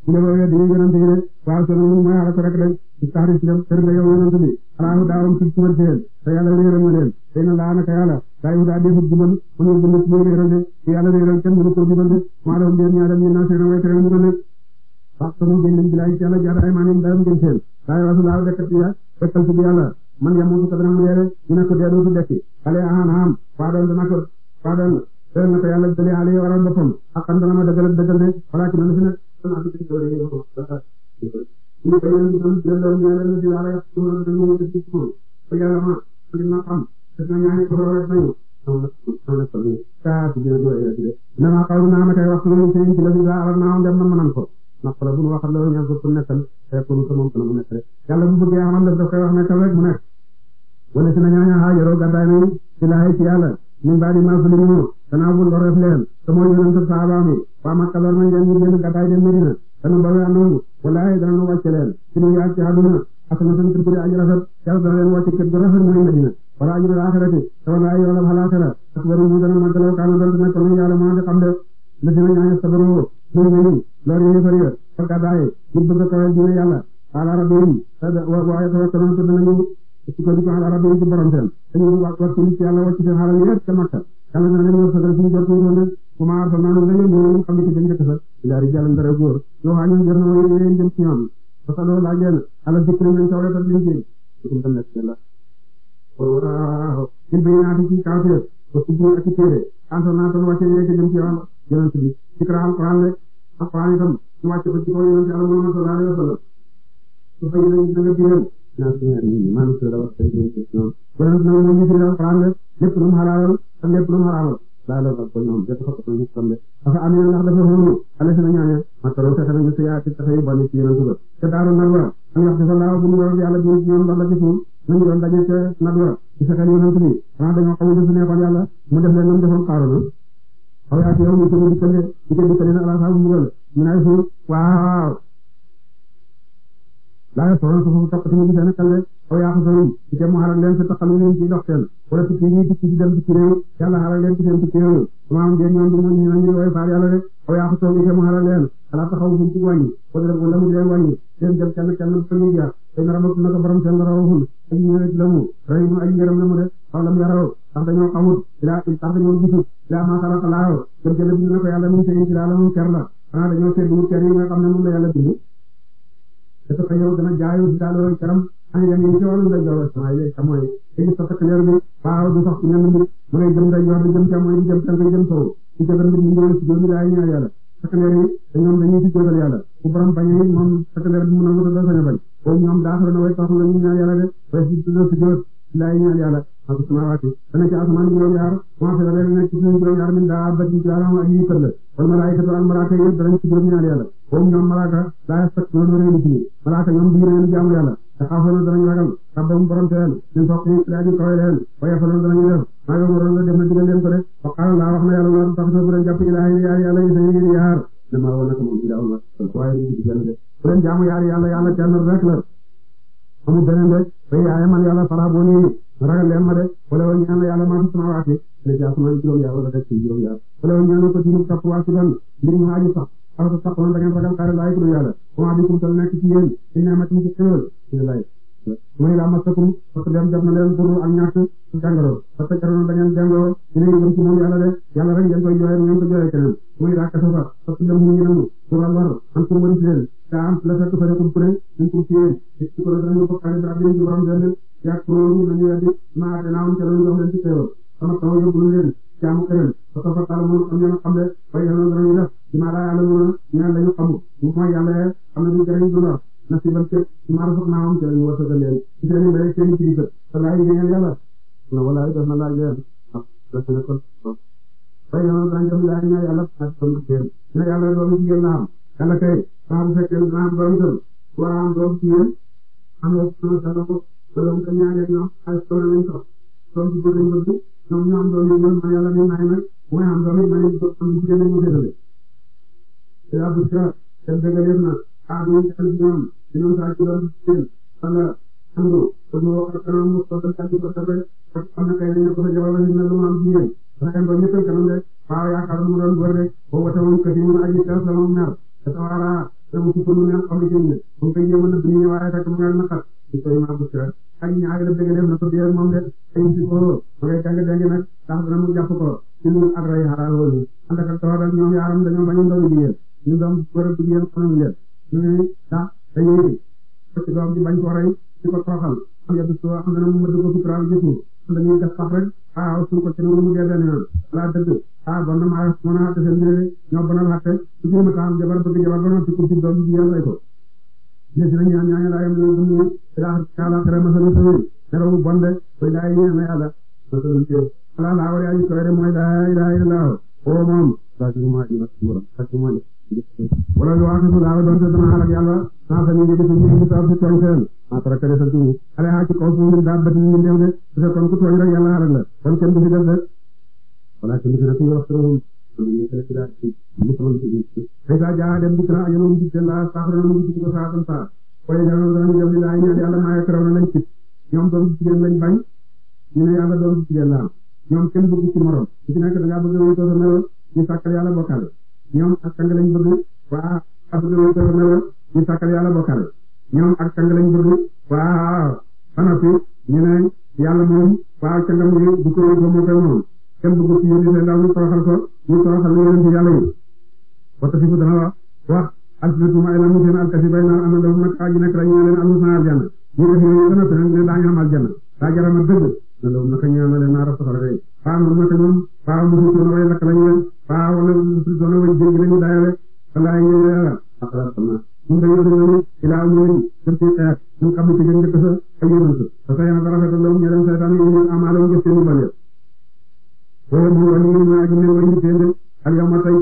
ñu ne ba weddi yonent yi de waaw solo moom mooy alako rek de si taari si dem kër nga yow yonent bi alaahu daawam si tumal seen te yàlla réeral ma leen tey na laa naka yàlla daa yu daa defut jubal mënul jubal ci muy réeral de si yàlla réeral kenn mënu ko jubal de maa doon leen ñaadam ñu naa seen way tere jubal de wax sonu génnañ bi laay ci yàlla jaar ay maanaam daam ngeen seen daa yu rasul laaw dekkat ya dekkal si yàlla man yamutu ka dana mu yeere ñu ne ko dee dootu dekki xale aan am waa doon dana ko waa doon dana ko yàlla dale ale waral boppam ak xam dana ma dëggal dëggal de walaa ci man fi nag dañuy def ko dafa jëfandikoo. suñu beneen bi tam jëndoo ñaareel bi yàlla yàq suñu dañuy def ci suñu te yàlla ma te dina xam te dina ñaari ko lool rek nañu. am na am na solo saa si jërëjëf la yàlla ci def. damaa xaw naa ma kay wax suñu sëñ ci la bi daa alam naa dem na mënan ko. ndax la bu ñu waxal loolu ñaan ko pour nekkal fekkul ko moom dana mu nekk rek yàlla bu bëggee amal daf koy wax nekkal rek mu nekk. wala si na ñooñu xaajaloo gàddaay nañu ci laay ci yàlla min baadi maa fi limu gannaaw bu lor def leen te mooy yonent sahabaam yi waa Makka lor nañ leen ñu génn gàddaay dem Medina danu ba nga nangu wallaahi dana nu wàcce leen ci nu yaat ci àdduna asanatan turkuri aji rafet yàlla dana leen wàcce kër gu rafet mooy Madina wala ajrul aaxirati te wallaahi yoolal xalaatala akbaru mu dana màggalaw kaana doon dana kon yàlla moo fi xam de la dina ñaaña sabaroo ñu ñëw loolu yéefar ya fa gàddaaye ñu bëgg kawal diine yàlla ala rabbihim waaye tawakkaluun te danañu sukkandiku ala rabbihim ci borom seen dañu wàcc ci yàlla wàcc seen xalal yépp ca Makka yàlla dana leen wërsëgal suñu jot ñu doon de bu ma arsalnaa ñu dañu ñu xam ne ki dañ njëkk sa ila rijalan dara góor loo xam ne jot na mooy yéen ala dikri nañ ko wala liñ jéem la nekk la. waaw il naa fi ci kawteef ba ci biir ak ci téere anta naa toll wàcce yéeg jëm ci yàlla yonent bi ci kra alquran rek alquran itam ñu wàcce ko ci kaw yonent yàlla Muhammad sallallahu alayhi wa sallam laaloon ak ko ñoom jot ko ñu tam de dafa am na ndax dafa xamul ala ci ñaane makaron tax nañu ci yaati tax yu bon ci yéen ko te daaru nadwa am wax dafa laaw bu ñu doon yàlla bu ñu ñoom la ci ñu doon dañu te nadwa ci sa kan ñu ñu wa dañu xamul dafa neexoon yàlla mu def leen ñu defoon xaaroon aw yaati yow ñu ko di tane di ko di tane ala sa ñu doon ñu nay fu waaw la so so ko tapati ñu di tane kale aw yaa ko sonn ci dem mu xaral leen fi taxalu ñu ci dox seen wala tukki ñuy tukki ci dem tukki réew yàlla xaral leen ci seen tukki réew maam ngeen ñoom du ñu ñu ñu way faar yàlla rek aw yaa ko sonn ci dem mu xaral leen xalaat taxaw fu ci wàññi wala rek wala mu leen wàññi seen dem kenn kenn fa na rabatu naka borom seen la rawul ak ñu rek la mu ray mu ay ngërëm la mu def aw lam yaraw tax dañoo xamut ila tax dañoo gisu ila ma xalaat laaw dem jël bi na la mu ker la xanaa dañoo seet bu ker yi nga xam ne ay dem yi ci wàllu ndey joor ay lay càmmooñ léegi sa takk leer bi waaw du sax ci ñenn bi mu ngay jëm ndey joor di jëm càmmooñ di jëm tànk di jëm sow ci jotal bi ñu ngi ci jëm ay ñaar yàlla a bañ la ñu ñaar yàlla ak samaawaati dana ci asamaan juróom yaar maa fi la benn nekk ci suñu juróom yaar min daa bati jaaraam ak yi tëdd wal malaayikatu al malaaka yi danañ ci juróom ñaari yàlla boobu ñoom malaaka laa yastakbiruuna réew ci ni malaaka ñoom duñu réew jaamu yàlla yaxaafuuna danañ ragal rabbahum borom seen min fawqihim daañu kawe leen wa yafaluuna danañu def maa ngi waroon la def na digal leen ko de wa qaala laa wax na yàlla war tax bu leen jàpp ilaahi ni yaar yàlla yi seen yaar ne maa woon naka moom i daawul waaye ñu ci benn de bu leen jaamu yaar yàlla yàlla kenn rek la amu beneen de bay yaaye man yàlla fara boo nii ragal leen ma de wala wala ñaan la yàlla maa fi sama waati la ci asamaan juróom-yaar wala teg ci juróom-yaar wala wala ñaan ko ci ñu topp waa si ban mbir mu xaaju sax aw sa sax man da ngeen ragal xaaral laay tudd yàlla comment bi kum tal nekk ci yéen di ñaamat ñu ci xéwal ci lay mooy laa masakum parce que dem jot na leen pour ak ñàkk jàngoro parce que karoon da ngeen jàngoo dina yëm ci moom yàlla de yàlla rek ngeen koy jooyee ngeen ko jooyee keneen mooy laa kasafa parce que dem mu ngi nangu pour alwar am pour mënti leen daa am la fekk fa ne kum ku ne ñu ko fiyee ci ko dana ñu ko xaalis ak ñu borom ak kuréel dañuy weddi maa danaa woon ca doon jox leen ci teewal sama taw yóbbu leen jaamu keneen ba ko fa tala moom am ñoo xam ne bay yàlla danañu def ci maa daa yàlla moom ñaan lañu xamu bu mooy yàlla am na ñu jëriñ dundal na si ban cëg ci maa rafet naa am ci lañu war a leen ci seen mbéy seen ci gisa te laay ngeen yàlla na walaay def na laaj leen ak ah na ko bay yàlla daan jox laaj na yàlla ak kon kenn na yàlla doom ci yéen la am yàlla kay saa bu fekkee dana am doom tël war a am doom ci yéen am na sa ko loolu te ñaareel ñoom ay soxla lañ soxla soxla si góor lañ bëgg ñoom ñu am doom yu mel ma yàlla ne maay nag bu may am doom it ma leen di am jigéen lañu dëgale. te ab dëkk te dëgaleef na ah ñoom ci ñoom ci ñoom saa ci doon jigéen wala àndoo te mu wax ak kanam mu soxla saa ci ko soxla ak am na kay nañ ne ko sa jabar la ñu ne lu mu am jigéen waaye ba ñu tënk kanam rek waaw yaakaar mu doon góor rek boobu tamit kër yi mu aji kër la mu mer te sa waara te mu ci ko mu neex am na jënd mu koy jéem a dëgg ñu waaye fekk mu ngi naqar ci Seydina Busra ak ñaari la bëgg def na ko biir moom de tey si ko ma ngay càng dengi nag ndax dana mu jàpp ko ci lu ak ray xaraaloolu ànd ak toor ak ñoom yaaram dañoo bañu doomi jigéen ñu doom góor ak jigéen xanamu leen ñu ne ndax dañuy ci doom di bañ ko rey di ko toroxal am yadu so am dana mu mëdd ko sutural ci suuf am dañuy def pax rek ah suñ ko ci noonu mu dee benn yoon laa dëgg ah bon na maa mën a xatte seen mbir ñoo bonal xatte su ma taam jabar bëgg jabar ñe ci nañu ñaañu laayam ñu dund ila kala xere masalu sawi nelawu bonde koy laay ñeena yàlla masalu ci ala la wala yu koy mooy la ilaha illallah o moom da ci ma di masura ak mooy wala lu waxu la doon te dana ak yàlla sa fa ñu di ci ci taw ci tooñ seen ma tara kare sa ci ala ha ci kaw fu ñu da bat ñu ndew de su kon ku tooñ rek yàlla rek la kon kenn du fi def de wala ci ñu rek ñu wax ñu nekk ci laaj ci musulman ci biir. Faye jaa dem di Kira ajamoon di Jalla saafara mu ngi ko saafara saa Faye jaa doon def li laay ñaan yàlla maa yëkkaraw na lañ ci ñoom doom jigéen lañ bañ ñu ne yàlla doom jigéen la ñoom kenn bëgg ci morom ci nekk da ngaa bëgg a wutoo sa meloon ñu sàkkal yàlla bokkale ñoom ak sang lañ bëgg waa ak bëgg a wutoo sa meloon ñu sàkkal yàlla bokkale ñoom ak sang lañ bëgg waa xanaa fi ñu ne yàlla moom waa cangam yi du ko wutoo moo koy moom kenn bëgg ci yéen ndaw ñu toroxal ko ñu toroxal la yonent yàlla yi wata fi ko dana wax alfinatuma ay lamu seen alkasi bay naan am na dafa nag aji nekk rek ñu leen amul sana aljanna ñu def yooyu gën a feneen ne daañu am aljanna daa jarama dëgg na dafa nag ñu amale naa rafet la kay faa moom nag moom faa moom su doona way lakk lañu leen faa wala su doona way jéggi lañu daayale salaay ñu yàlla akala sama ñu dañu dañu ila ñu dem ci xeex ñu xam ci gën njëkk sa ay yonent sa sa yana dara fa la ñu dem saytaan ñu amaloo ñu seen bañal wala mu wàññi woon naa ji ne wala ñu teel a ak yow ma tey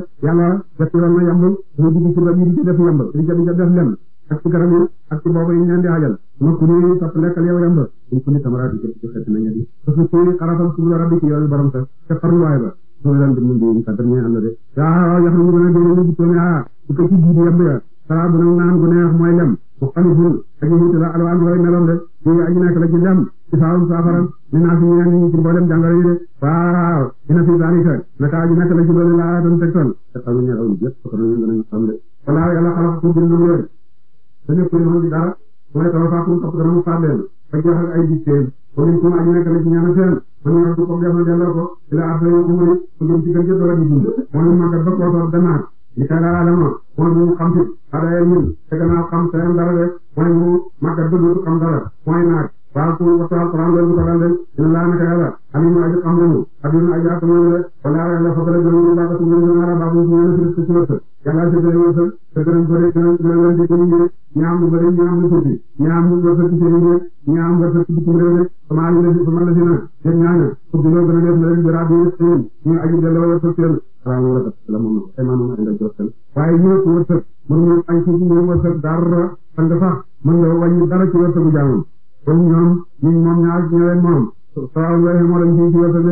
rek yàlla def ci woon na yamb ñu dugg ci rab yi di ci def yamb di ca di ca def lem ak ci garab yi ak ci boobu yi ñu leen di xajal ma ku ni topp lekkal yow yamb ñu ku ni tamaraat yi ci xet nañu di parce que ci xarafal subula rabbi ci yoolu borom sa te farluwaay ba mooy lan di mun di sa dernier am na de waaw yax nañu gën a gën a ñu doomi ah bu ko ci jiidi yamb ya sara bu nag naan gu neex mooy lem mu xalifun ak yi la alwaan way meloom de yi aji nekk la ci lem ci saawum saafaram ñu naa fi ñu leen ñu ci mboolem jàngoro yi de laa doon tegtoon te xam ne aw yëpp xam nañu danañu xam de walaa yàlla xalax ku bind loolu te ñëpp ñu mën dara mooy tawa faakum topp dana mu faat leen ak jox ak ay digteen la ci ñaana seen ba ñu ko def na delloo ko la affaire yu umri ku jëm ci gën ca dora di dund mooy ba koo soog danaat li ka laa dama mooy mu xam fi xadaayal ñun te gannaaw xam seen dara rek mooy mu màggat ba dootu xam dara waaw su ma waxtu alquran loolu bu ko dal de dina laa naka yàlla am na aji xam nañu ak yéen aji ak moom de wala yàlla foog rek ñu baax su ñu ñu ala baax ñu ñu ñu ci ci wërsëg yàlla ci bëri wërsëg te gërëm bëri gërëm ci leen di gën ñu ñaam lu bëri ñaam lu tuuti ñaam lu wërsëg ci seen yi ñaam wërsëg ci bitim réew rek sama ñu def sama la fi na jëf ñaana ku bi lo gën a def leen bi rabbi yéen ñu aji delloo wërsëg seen salaam wa rahmatullah moom ay maanaam ay nga joxal waaye ñu ko wërsëg mën ñu ay ci ñu wërsëg dara fan dafa mën nga wàññi dara ci wërsëgu jaamam kon ñoom ñun moom ñaar ñëwee moom salaamu alayhi moo leen ciy ci wërsëg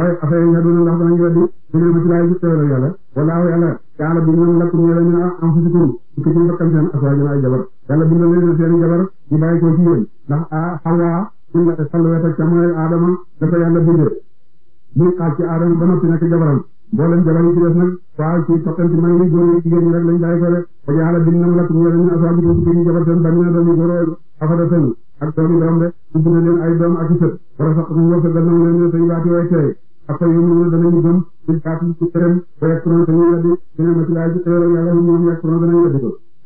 ay affaire yi nga dund ndax danañ weddi ñu ne ma ci laay gis teewlu yàlla wallaahu yàlla yàlla bi ñoom lakk ñu la ah ñu am fusikum ci ci bakkan seen aswaaj ay jabar yàlla bi ñu leen seen jabar ñu bàyyi ko ci yéen ndax a Hawa ñu la salwet ak càmmoy Adama dafa yàlla bindee muy xaaj ci Adama ba noppi nekk jabaram mboolem jabar yi ci des nag waaw ci toppante may yi góor yi jigéen ñi rek lañ bàyyi ko rek ak yàlla bi ñu lakk ñu la ñu aswaaj ko ci jabar seen bañ na dañu góor afada seen ak doomi doom de ubbi na leen ay doom ak i sët wara saq mu wërsëgal na leen tey waati way tey après yu mu danañu gëm ci kaatu ci këram ba yegg kuréel dañuy weddi dina ma ci laaj ci xéewal yàlla yi ñoom ko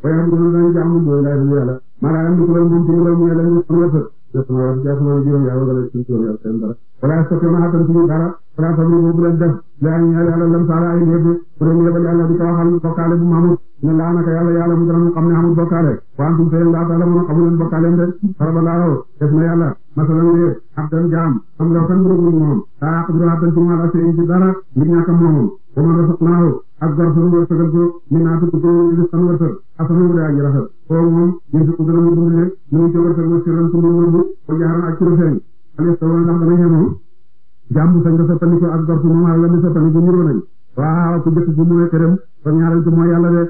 ba yàlla danañ jàmm mooy laaj yàlla maanaam ni kuréel moom ci mu la mu yàlla ñu wërsëg jëf na wala jëf na wala juróom yàlla wala ci juróom yàlla seen dara wala sotti ma xatan suñu dara wala fabri bu leen def yaa ngi yàlla lam saala ay léegi bu leen yebal yàlla di ko waxal bokkaale bu mu amut ne laa naka yàlla yàlla mu dara mu xam ne amut bokkaale wantum seen laa taala mun xamu leen bokkaaleem de faraba laaraw def na yàlla masalan de abdan jaam am la kan bu moom daa aqdiru xatan suñu ala seen ci dara ngir ñàkk moomam wa man razaqnaahu ak gor fa mu wërsëgal ko min naa tudd ko rizqan wërsëg asanu daa ji rafet foofu moom yéen si dana mu dund leen ñu ngi ci wërsëg wa sirran tundu nëbbu ak ci lu feeñ xale sa woon ndax dana xemoo jàmbu sa nga soppandi ko ak gor su moom xale la mu soppandi ko ku jëkk ji mooy këram kon ñaareel ci mooy yàlla de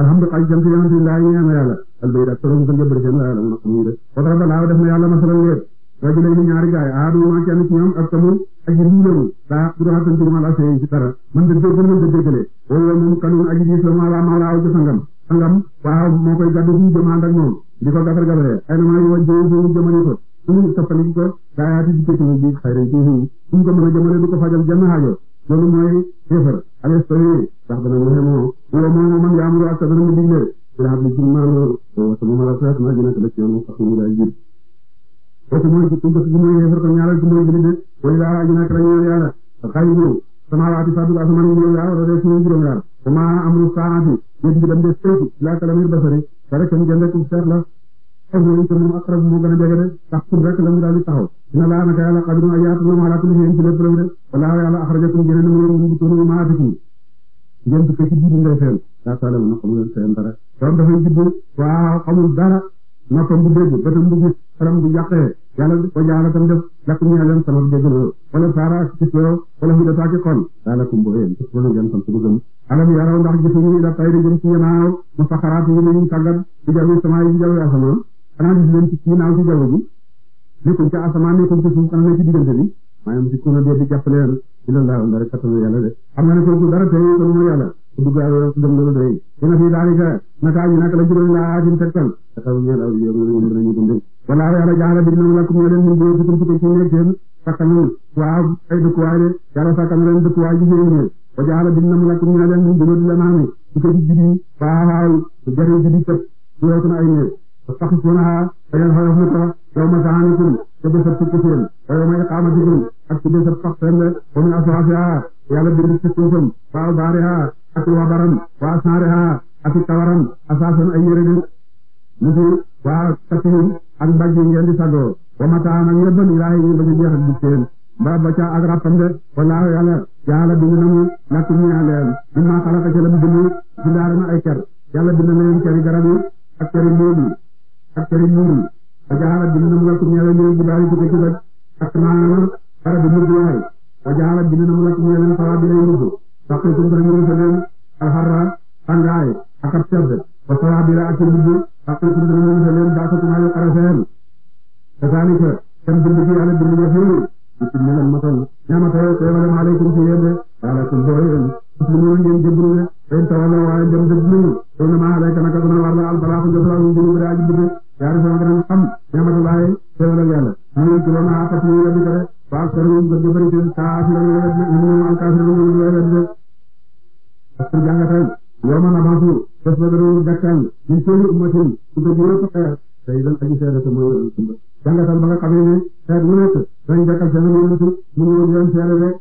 alhamdulilah jant yonent yi laa ñeena yàlla sa njëbbal seen de def na yàlla masalan léegi rajulay ni ñaari gaay aaduma kenn ci ñoom ak tamu aji riilamu daa buraa tan tuma la sey ci dara man da déggal man da déggale wala moom kanun aji gis la ma la ma la aw ci sangam sangam waaw moo koy gàddu fi jëmaan moom di ko gafar gafare ay na ma yi wajjee fi jëmani ko ko daayaati di kétini bi xayri ci fi a jëmale du ko fajal jenn haajo loolu mooy xéefar alestoi ndax dana mu xemoo wala moom man yaamuru ak dana mu digle daa bi ci maano wasama mala saat ma jina ka da ci kooku mooy ci tuuti gi mooy yéefar ko ñaareel ci mooy jullit de mooy laa aji nag rañu yàlla xayi boobu samawaati asamaan yi ñëw yàlla dafay suñu juróom yàlla sama amru saati yëg bi dem de seeti laa kalamir basari sa rek tam jënd ku seet la ak mooy te moom akrab moo gën a jege de ndax pour rek la mu daal di taxaw mu leen tunu maa fikum ngeen dugg ci biir ngay feen daa taale mu na xamul seen dara doom dafay jubbu waaw xamul dara noppam bu dégg bëtam bu gis xaram bu yàqee yàlla ko jaala tam def lakum ñaa leen sabab déggloo wala saara ak gis yoo wala xudataaki xol daa lakum boo yéen gis wala ngeen sant bu gëm alam yaraw ndax gisuñu ila tayri jëm ci yanaaw mu faxaraat yi nañu tàggat ci jawi sama yi jawi asamaan xanaa gis leen ci naaw ci jaww ji nekkuñ ca asamaan nekkuñ ci suuf xanaa ne ci diggante bi maanaam si kuréel bi jàpp leen ci la laa rek kattan yàlla de xam nga ne dugg ak yow gëm nga rëy dina fi daal di ka naka ñu naka la juróom laa fi mu tegtal taxaw ñu daal yow ñu dinañu dund wala yàlla jaala bi dina la ko ñu leen ñu do ci ci ci nekk seen sakkan waaw ay dëkkuwaay de yàlla sakkan leen dëkkuwaay ji ñu ñu wa jaala bi dina la ko ñu leen ñu dund la maami ci ko jiddi waaw jari jiddi tëb ñu ko na ay ne sax ci na ayal xawaf na ta yow ma saanikum te be sa tukku seen yow ma iqamatikum ak ci be sa fakkan wa min ashafiha yàlla bi ci ko fam waaw bariha ak wabaram wa asaareha ak tawaram asaasan ay yére de musu waa takkihim ak mbajji ngeen di sago wa mataan ak yëbbal ilaahi ñu bañu jeex ak dikkeen ba ba ca ak rappam de wallaahu yàlla yàlla bind na mu lakk mu yàlleen mu maa xalaqa ca la mu bind bindaar na ay ker yàlla bind na leen keri garab ak keri mbóob ak keri mbuur yi ba jaala bind na mu ak naana garab bi lay soxna Koungheul Mouroufane alxarra tàngaay ak ab sedd ba sawaa bi la ak seen mujj ak Koungheul Mouroufane ko tumaale xaraseen kasaalika seen bind gi yàlla bind nga fi isim ne lan matal ñaamatee teewalam aleykum ci yéen de daala kum boo yéen muslimuun ngeen jëbbul ne seen tawala waaye dem dëgg ñu tey na maa alayka naka duna war la albalaaku jëfalaaku jënu bu daa ji bëgg yaari sama gën a xam ñaamatallaay teewalal waaw kër moom gën di bëri seen saaf la ñu wér ñu ñu alkaaf la ñu wér de. parce que jàngatal yow man avancer bés ba gërëm gàttal ñu tënk umatin su ko jëlee sa xeer day doon aji seede te mooy jàngatal ba nga xamee ne xeet mu nekk dañ jàkkal seen yëngatu mu ñëw leen seede rek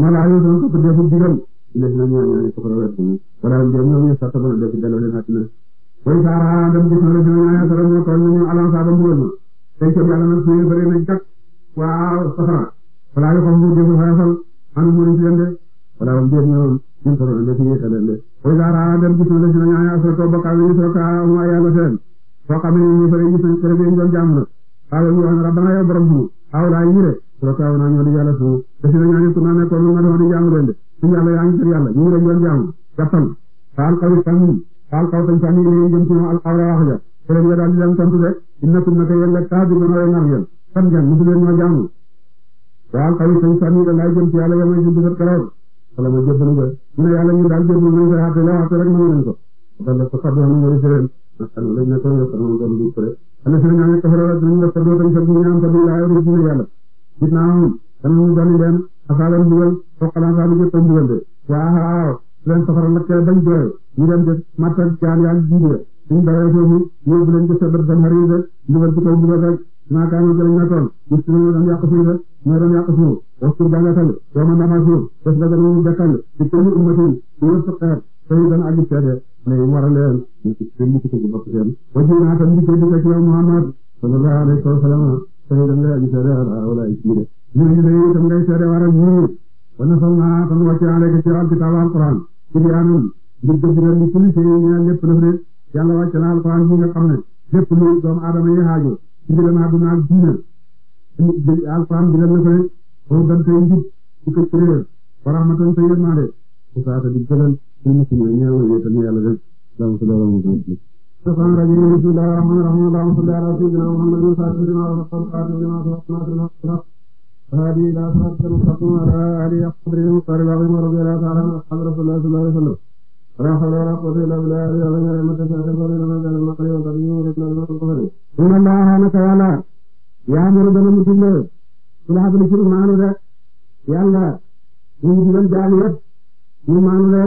ma laa yow sama ko defu digal léegi nag ñoo ñaari soxla wér ñu wala ñoom ñoo ñu sax sama la def delloo leen àddina way saara dem gis na la dina ñaari soxla ñu ko ñu alansa ba mbugal ma tey ci yàlla nag suñu bëri na jàkk waaw safara wala yo xam bu dégul xayafal xanu mënuñ ci leen de wala wam déet ñoom ñun soro de ci yéexal leen de way gaara dem gis na la ci na ñaaya so to sa wi so ka mu ayala seen soo xam ne ñu fere na kere bi ñoom na xaaral ñu wax rabbana yow borom bu aw laa yi de so ka wona ñoo di yàlla su na ñaani ku na ne ko nga doon di jàmm leen de ci yàlla yaa ngi ci yàlla ñu rek ñoom jàmm gàttal faal kaw tan faal kaw tan tan ñu jëm sam jam mu duggeen ñoo jaamu waaw xayi sañ sànni da laay jëm ci yàlla yamay si bisat karaw wala ma jébbalu ba ñu ne yàlla ñu daal jébbalu nañ koy xaate loo xaate rek mën nañ ko wala ko faddu xam ngay sëréen mastan lañ ne ko yo sanoo gon du pré ana sëriñaane kafara dinañ la faddu tañ faddu ñaan faddu laa ru dina yàlla gis naa moom danañu doni leen asaalan dugal foqalan saa bi jëppoon dugal de waaw leen safara lakkee bañ jooy ñu dem def matta jaan yaag jiidee suñ baree foofu ñëw bu ban xarir rek dugal kaw dugal rek maa kaana jëriñ na toon muslim moo doon yàq suuf rek moo doon yàq suuf waxtu la doo ma nafa suuf def nga dañuy dekkal ci kenn ummatin ci yëpp xeet te ñu dana àgg seede mais war a leen ñu ci seen ci ko bopp seen wa dinaa tam di ko di ko Muhammad sallallahu alayhi wa sallam te ñu dana àgg seede ala wala ñu de ñu ñu tam ngay seede war a ñu wa nasalna tan wa ta'ala ka tiral kitab al-Qur'an ci bi anam di dëggal li ci li lu doomu aadama yi mbiram àdduna ak diine alxuraan bi leen ne ko rek dan tey njub ci ko ci réer warahmatan tey yërmaande usaata di jëlal ci musina ñeew wéetal yàlla rek dama sa dara mu gën الشيطان الرجيم بسم الله الرحمن الرحيم اللهم صل على سيدنا محمد وعلى سيدنا وصحبه وسلم وسلم وسلم هذه لا صراط المستقيم ولا آله قدر المختار العظيم ورضي الله تعالى عن أصحاب رسول الله صلى الله عليه وسلم ويخلون قتيل بالآل وغير المتسعر قليل من المقر وقبيه من المقر إن الله نك يالا يأمر بالمسلمين صلاح بالشرك معنو ده يالا يجبن جالية يمعنو ده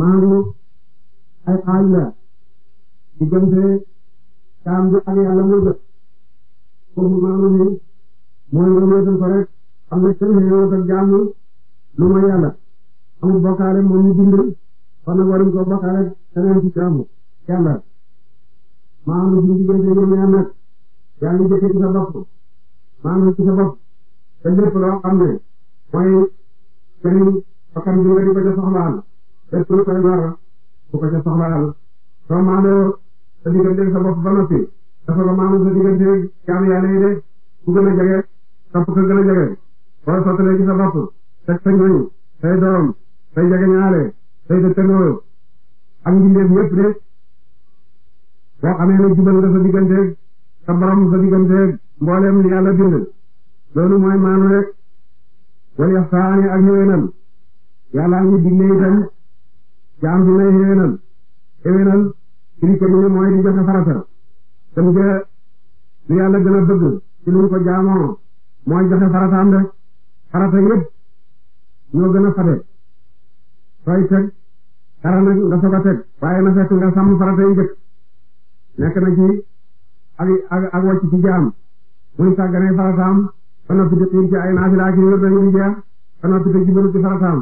معنو أي قائلة يجبن كام جالي على موجة قوم معنو ده mooy nga moytal ko rek xam ne kenn xëy na wala jaamu lu ma yàlla amul bokkaale moom ñu bind kon nag waruñ ko bokkaale keneen ci jaamu yàlla maanaam suñu diggante yéen ñaar nag yaa ngi jëkkee ci sa bopp maanaam ci sa bopp te lépp loo xam ne mooy seen bakkan bi nga di ko ca soxlaal lépp lu koy ñor bu ko ca soxlaal soo maandoo sa diggante sa bopp ba noppi dafa ko maanaam sa diggante jaamu yàlla yi de ku gën a jege topp ko gën a jege wala sottalee ci sa bopp teg sa ñoñ say doom say jegeñaale say dëkkandoo ak mbindeef yëpp de boo xamee ne jubal sa digganteeg sa borom sa digganteeg mbooleem li bind loolu mooy maanu rek wala yax saani ak yéwénal yàlla ngi digle itam jaam bi nay yéwénal yéwénal ci mooy di joxe farata tam ca li bëgg ci luñ mooy joxe farataam rek farata yëpp ñoo gën a sooy teg dara nag nga soog a teg waaye na fekk nga sàmm farata yi njëkk nekk na ci ak ak ak ci jaam muy sàgganee farataam ba noppi di ci ay naafila ak yu wér dañuy jeex ba noppi di ci farataam